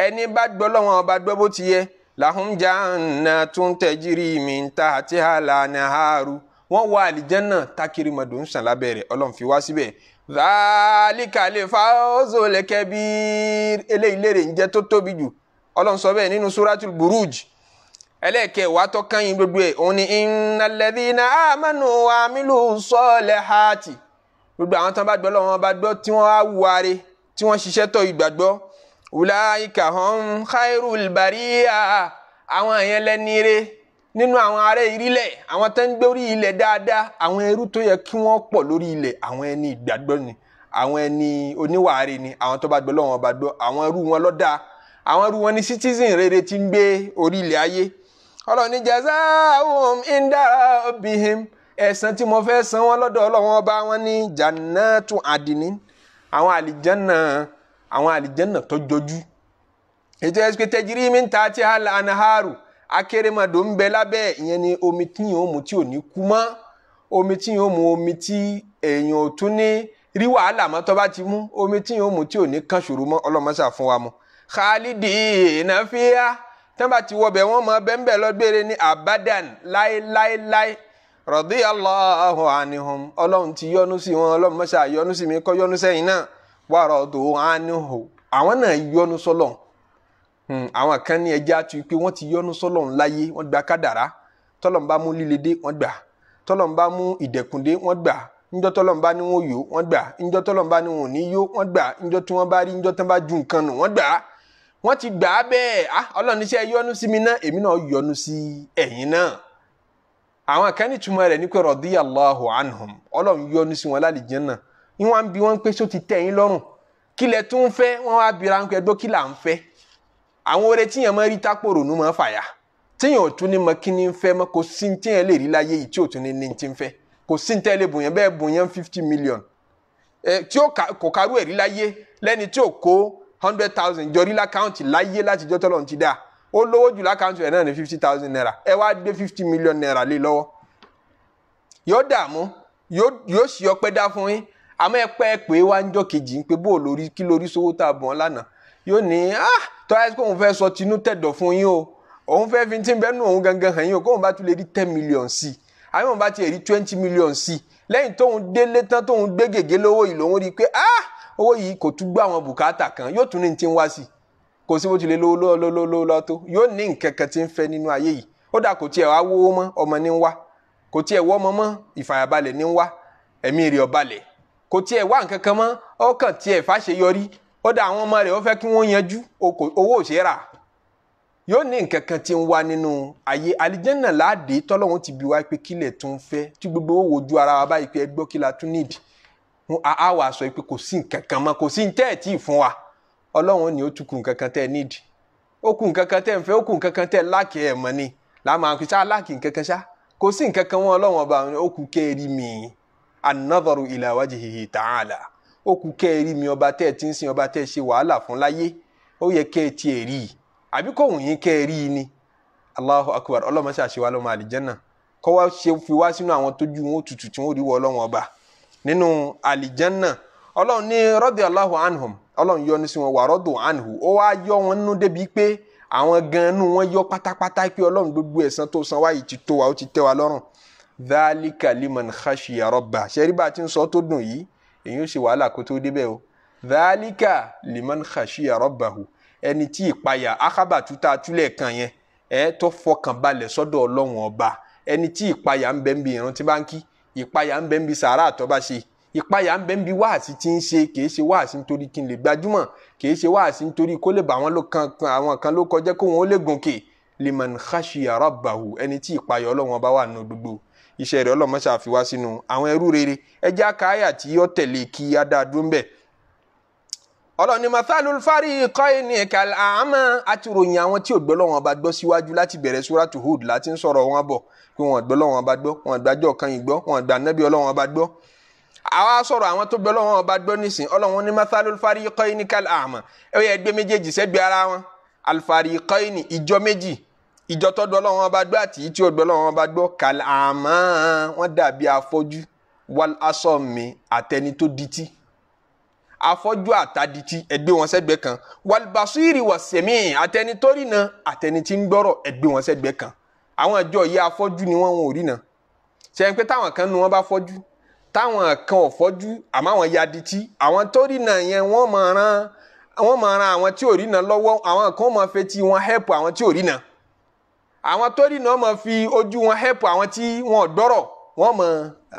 ẹni bá gbọ́ lọ́wọ́n ọba gbọ́ bó ti yẹ lahum jannatun tajri min tahtiha al-anharu wọ́n wọ àlìjẹ́nà tákiri mọ̀dún sàn lábẹ́ rẹ̀ ọlọ́run fi wá síbẹ̀. zaalika lè fa ozo lẹ́kẹ́ bí eléyìí lèrè ń jẹ́ tó tóbi jù ọlọ́run sọ bẹ́ẹ̀ nínú suratul buruj ẹlẹ́ẹ̀kẹ́ wà á tọ́kàn yín gbogbo ẹ̀ òun ni innalladhina amanu wa amilu solihati gbogbo àwọn tán bá gbọ́ lọ́wọ́ bá gbọ́ tí wọ́n á wáre tí wọ́n ṣiṣẹ́ tọ́ ìgbàgbọ́ wùláyìíkà hum khairul bariya àwọn àyẹn lẹ́ni nínú àwọn ará ìrílẹ̀ àwọn tó ń gbé orí ilẹ̀ dáadáa àwọn ẹrú tó yẹ kí wọ́n pọ̀ lórí ilẹ̀ àwọn ẹni ìgbàgbọ́ ni àwọn ẹni oníwàárí ni àwọn tó bá gbọ́ lọ́wọ́ bá gbọ́ àwọn ẹrú wọn lọ́dà àwọn ẹrú wọn ni citizen rere ti ń gbé orí ilẹ̀ ayé ọlọ́ni jazaa'uhum inda rabbihim ẹ̀san tí mo fẹ́ san wọ́n lọ́dọ̀ ọlọ́wọ́n bá wọn ní jannatu adinin àwọn àlìjánà àwọn àlìjánà tó jọjú ètò ẹ̀sìkò tẹ̀jírí mi ń ta akérèmọdò ń bẹ lábẹ́ ìyẹn ni omi tí yìí ó mu tí ò ní kú mọ́ omi tí yìí ó mu omi tí èèyàn ò tún ní rí wàhálà mọ́ tó bá ti mú omi tí yìí ó mu tí ò ní kán ṣòro mọ́ ọlọ́mọṣà fún wa mu. khalidi nàfíà tán bá ti wọbẹ̀ wọ́n mọ bẹ́ńbẹ́ lọ́gbére ní abadan láéláéláé radiyallahu anhum ọlọ́run ti yọ́nú sí wọn ọlọ́mọṣà yọ́nú sí mi kó yọ́nú sẹ́yìn náà wa radu anhu àwọn náà yọ́nú sọ́lọ́run Hmm, àwọn kan ní ẹja tu pé wọ́n ti yọ́nú sọ́lọ́run láyé wọ́n gba kádàrá tọ́lọ́run bá mú líle dé wọ́n gbà tọ́lọ́run bá mú ìdẹ̀kùn dé wọ́n gbà njọ́ tọ́lọ́run bá ní wọn yó wọ́n gbà njọ́ tọ́lọ́run bá ní wọn ò ní yó wọ́n gbà njọ́ tí wọ́n bá rí njọ́ tí wọ́n bá ju nǹkan nù wọ́n gbà wọ́n ti gbà á bẹ́ẹ̀ ah ọlọ́run iṣẹ́ yọ́nú sí mi náà èmi náà yọ́nú sí ẹ̀yin náà àwọn kan ní túmọ̀ rẹ̀ ní pé radiyallahu anhum ọlọ́run yọ́nú sí wọn lálìjẹ́ náà ni wọ́n bí wọ́n pé só ti tẹ̀yìn lọ́rùn kílẹ̀ tó ń fẹ́ wọ́n wá bira ń pẹ́ dókílà ń fẹ́ àwọn oore tíyàn máa rí tápò ronú máa fàyà tíyàn ò tún ní mọ kí ni ń fẹ́ mọ́ kò sí tíyàn lè rí láyé yìí tí ò tún ní ní ti ń fẹ́ kò sí tẹ́ lè bùnyàn bẹ́ẹ̀ bùnyàn fifty million ẹ tí kò kárú ẹ̀rí láyé lẹ́ni tí ò kó hundred thousand jọrí lákàntì láyé látijọ́ tọ́lọ́ ti dáa ó lówó jù lákàntì rẹ̀ náà ní fifty thousand naira ẹ wá dé fifty million naira lé lọ́wọ́ yóò dààmú yóò sì ọpẹ́ dá fún yín àmọ́ ẹ pẹ́ pé wá ń jọ́ kejì ń pé bó o lórí kí lórí sówó tá a bọ̀ ọ́ lánàá yóò ní ah tọ́ ẹ́ kóun fẹ́ sọ tinú tẹ̀dọ̀ fún yín o òun fẹ́ fi ti ń bẹ́nu òun gangan hàn yín o kóun bá tún lè rí ten million sí i àbí òun bá tiẹ̀ rí twenty million sí i lẹ́yìn tóun délé tán tóun gbé gègé lówó yìí lòun rí i pé ah owó yìí kò tún gbọ́ àwọn bùkátà kan yóò tún ní ti ń wá sí i kò sí bó tilẹ̀ lówó lọ́wọ́ lọ́tọ́ yóò ní nǹkan kan ti ń fẹ́ nínú ayé yìí ó dà kò tiẹ̀ wá wówó mọ́ ọmọ ní ń wá kò tiẹ̀ wọ́ ọmọ mọ́ ìfàyàbalẹ̀ ní ń wá ẹ̀mí rẹ̀ ọ̀balẹ̀ kò tiẹ̀ wá nǹkan kan mọ́ ọkàn tiẹ̀ fàṣeyọrí ó dá àwọn ọmọ rẹ̀ ó fẹ́ kí wọ́n yanjú owó òṣèrà yóò ní nǹkan kan tí ń wá nínú ayé ti biwa wá pé kílẹ̀ tó ń fẹ́ tí gbogbo ó wojú ara wa báyìí pé ẹgbọ́ kí la tún nídìí wọn á wàá pé kò sí nǹkan tẹ́ tí ni ó tún kù nǹkan kan tẹ́ ẹ ó kù nǹkan kan tẹ́ ẹ ń fẹ́ ó kù nǹkan kan tẹ́ ẹ láàkì mọ́ ni láàkì nǹkan kan ó kù kẹ́ ẹ rí mi ọba tẹ́ ẹ ti ń sin ọba tẹ́ ẹ ṣe wàhálà fún láyé ó yẹ kẹ́ ẹ ti ẹ̀ rí i àbí kò wùn yín kẹ́ ẹ rí i ni Allahu akbar ọlọ́mọ ṣàṣewá lọ́mọ àlìjẹ́nà kọ́ wá ṣe fi wá sínú àwọn tójú wọn tutù tí wọ́n rí wọ ọlọ́run ọba nínú àlìjẹ́nà ọlọ́run ní rọ́dì Allahu anhum ọlọ́run yọ ní sí wọn wà rọ́dù anhu ó wá yọ wọn nínú débi pé àwọn gan-an wọn yọ pátápátá pé ọlọ́run gbogbo ẹ̀san tó san wáyé ti tó wa ó ti tẹ́ wa lọ́rùn dhalika liman khashiya ṣẹ́rí bá a ti ń sọ tó dùn yìí èyí ó ṣe wàhálà kó tó débẹ̀ o dhalika liman khashi rabbahu ẹni tí ìpayà akaba tuta tulẹ̀ kan yẹn ẹ tó fọkàn balẹ̀ sọ́dọ̀ ọlọ́run ọba ẹni tí ìpayà ń bẹ ń bi ìran tí bá ń kí ìpayà ń bẹ ń bi sàárà àtọ́ba ṣe ìpayà ń bẹ ń bi wáàsí tí ń ṣe kìí ṣe wáàsí nítorí kí n lè gbajúmọ̀ kìí ṣe wáàsí nítorí kó lè bá àwọn kan ló kọjá kó wọn ó lè gòkè liman khashi rabbahu ẹni tí ìpayà ọlọ́run ọba wà nù gbogbo iṣẹ́ rẹ̀ ọlọ́mọṣà fi wá sínú àwọn ẹrú rere ẹjẹ́ àkáyà tí yọ tẹ̀lé kí á dáa dúró ń bẹ̀. ọlọ́ni mathalul fariqayni kal a'ma àti ròyìn àwọn tí ò gbọ́ lọ́wọ́n bá gbọ́ síwájú láti bẹ̀rẹ̀ suratu Hud láti ń sọ̀rọ̀ wọn bọ̀ pé wọn gbọ́ lọ́wọ́n bá gbọ́ wọn gbàjọ́ kan yìí gbọ́ wọn gbà nẹ́bí ọlọ́wọ́n bá gbọ́ àwa sọ̀rọ̀ àwọn tó gbọ́ lọ́wọ́n ìjọ tó gbọ́ lọ́wọ́ bá gbọ́ àti tí ó gbọ́ lọ́wọ́ bá gbọ́ kàlà àmọ́ wọ́n dàbí afọ́jú wal aṣọ mi àtẹni tó dití afọ́jú àtàdìtì ẹgbẹ́ wọn sẹ́gbẹ́ kan wal basiri wà sẹ́mi àtẹni tó rìnà àtẹni tí ń gbọ́rọ̀ ẹgbẹ́ wọn sẹ́gbẹ́ kan àwọn ìjọ yìí afọ́jú ni wọ́n wọn ò rìnà sẹ́yìn pé táwọn kan nu wọn bá fọ́jú táwọn kan ò fọ́jú àmọ́ àwọn ya dití àwọn tó rìnà yẹn wọ́n máa ran wọ́n máa ran àwọn tí ò rìnà lọ́wọ́ àwọn kan máa fetí wọn hẹ́pù àwọn tí ò rìnà àwọn tó rí náà mọ̀ fi ojú wọn help àwọn tí wọn gbọ́rọ̀ wọ́n mọ̀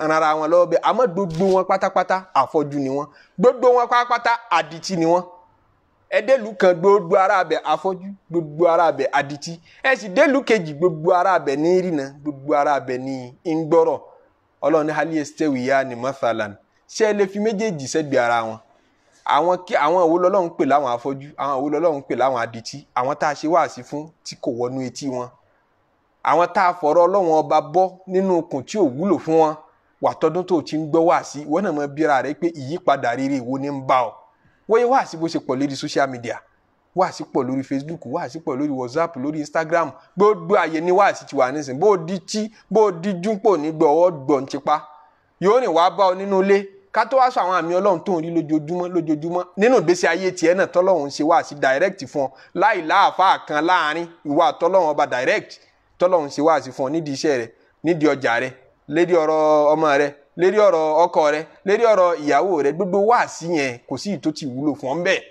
rárá wọn lọ́wọ́ bẹ́ẹ̀ àmọ́ gbogbo wọn pátápátá àfọ́jú ni wọ́n gbogbo wọn pátápátá àdìtí ni wọ́n ẹdẹ́lu kan gbogbo ara abẹ afọ́jú gbogbo ara abẹ àdìtí ẹ sì dẹ́lu kejì gbogbo ara abẹ ní rìnà gbogbo ara abẹ ní ngbọ́rọ̀ ọlọ́run hali estewiya ni mathalan ṣé ẹ lè fi méjèèjì sẹ́gbẹ̀ẹ́ ara wọn àwọn kí àwọn òwò lọ́lọ́run pè láwọn afọ́jú àwọn òwò lọ́lọ́run pè láwọn àdìtí àwọn tá a ṣe wáàsí fún tí kò wọnú etí wọn àwọn tá a fọ̀rọ̀ ọlọ́run ọba bọ́ nínú okùn tí ò wúlò fún wọn wà tọdún tó ti ń gbọ́ wá sí ìwọ náà mọ bíra rẹ pé ìyípadà rere ìwo ni ń bá ọ wọ́n yẹ wá sí bó ṣe pọ̀ lórí social media wá sí pọ̀ lórí Facebook wá sí pọ̀ lórí WhatsApp lórí Instagram gbogbo àyè ni wá sí ti wà nísìnyí bó di tí bó di júpọ̀ nígbà ọwọ́ gbọ̀n ti pa yóò ní wàá bá ọ nínú ilé ká tó wá sọ àwọn àmì ọlọ́run tó ń rí lójoojúmọ́ lójoojúmọ́ nínú ìgbésí ayé tiẹ̀ náà tọ́lọ́run ṣe wá sí direct fún ọ láì láàfáà kan láàrin ìwà tọ́lọ́run ọba direct tọ́lọ́run ṣe wáàsí fún ọ nídìí iṣẹ́ rẹ nídìí ọjà rẹ lérí ọ̀rọ̀ ọmọ rẹ lérí ọ̀rọ̀ ọkọ rẹ lérí ọ̀rọ̀ ìyàwó rẹ gbogbo wáàsí yẹn kò sí ìtò tí wúlò fún ọ ń bẹ́ẹ̀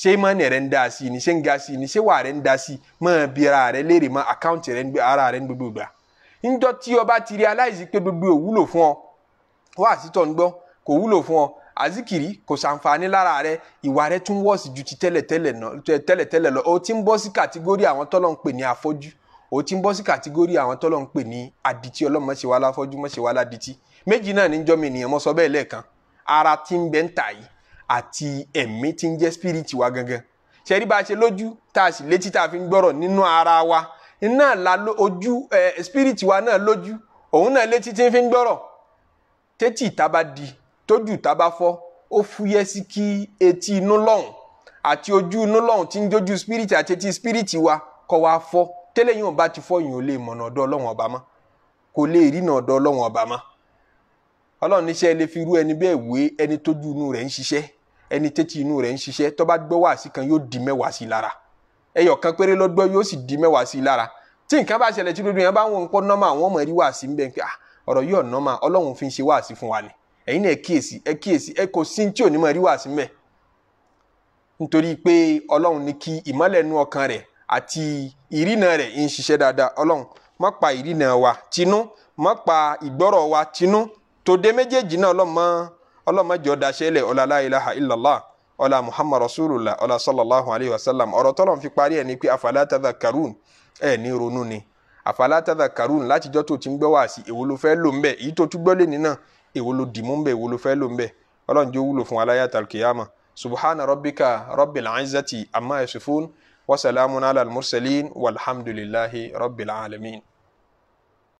ṣé ìmọ̀nì rẹ ń da sí ni ṣé ń ga sí ni ṣé wà rẹ ń da sí máa bi ara rẹ léèrè mọ àkáǹtì rẹ ara rẹ gbogbo gbà ńjọ́ tí ọba ti rí aláìsí pé gbogbo ò wúlò fún ọ wáàsí tó ń gbọ́ kò wúlò fún ọ azikiri kò ṣàǹfààní lára rẹ ìwà rẹ tún wọ́ọ̀sì ju ti tẹ́lẹ̀tẹ́lẹ̀ lọ ó ti ń bọ́ sí kàtígórì àwọn tọ́lọ́ ń pè ní afọ́jú ó ti ń bọ́ sí kàtígórì àwọn tọ́lọ̀ ń pè ní adití ọlọ́mọ ṣe wá láfọ́jú mọ́ ṣe wá ládití méjì náà níjọ́ mi ènìyàn mọ́ sọ bẹ́ẹ̀ lẹ́ẹ̀kan ara tí ń bẹ ń tà yìí àti ẹ̀mí tí ń jẹ́ spirit wa gangan ṣẹ́rí bá a ṣe lójú tá a sì létí tá a fi ń gbọ́rọ̀ nínú ara wa iná la ojú ẹ spirit wa náà lójú òun náà létí tí ń fi ń gbọ́rọ̀ tétí ìta bá di tójú ìta bá fọ́ ó fúyẹ́ sí kí etí inú lọ́hùn àti ojú inú lọ́hùn tí ń jójú spirit àti etí spirit wa kọ́ wa fọ́ tẹ́lẹ̀ yìí wọn bá ti fọyín ò lè mọ̀nà ọ̀dọ̀ ọlọ́wọ́n ọba mọ́ kò lè rìnà ọ̀dọ̀ ọlọ́wọ́n ọba mọ́ ọlọ́run níṣẹ́ lè fi rú ẹni bẹ́ẹ̀ wé ẹni tójú inú rẹ̀ ń ṣiṣẹ́ ẹni tẹ́tí inú rẹ̀ ń ṣiṣẹ́ tó bá gbọ́ wàásì kan yóò di mẹ́wàá sí i lára ẹyọ kan péré ló gbọ́ yóò sì di mẹ́wàá sí lára tí nǹkan bá ṣẹlẹ̀ tí lóde ah, ẹ nítorí pé ọlọ́run ní kí ìmọ́lẹ̀ inú ọkàn rẹ̀ àti ìrìnà rẹ̀ ń ṣiṣẹ́ dáadáa ọlọ́run má pa ìrìnà wa tinú má pa ìgbọ́rọ̀ wa tinú tòde méjèèjì náà ọlọ́mọ ọlọ́mọ jọ daṣẹ́lẹ̀ ọlá la ilaha illallah ọlá muhammad rasulullah ọlá sallallahu alayhi wa sallam ọ̀rọ̀ tọ́lọ̀ fi parí ẹ̀ ní pé afala tadhakkarun ẹ̀ ní ronú ni afala tadhakkarun látijọ́ tó ti ń gbẹ́ wá sí èwo ló fẹ́ lò ń bẹ̀ èyí tó tún gbọ́ lé nínà èwo ló dìmú ń bẹ̀ èwo ló fẹ́ lò ń bẹ̀ ọlọ́run jẹ́ wúlò fún aláyàtàlùkìyàmà subhana rabbika rabbil izzati amma yasifun wa salamun ala al-mursalin walhamdulillahi rabbil alamin.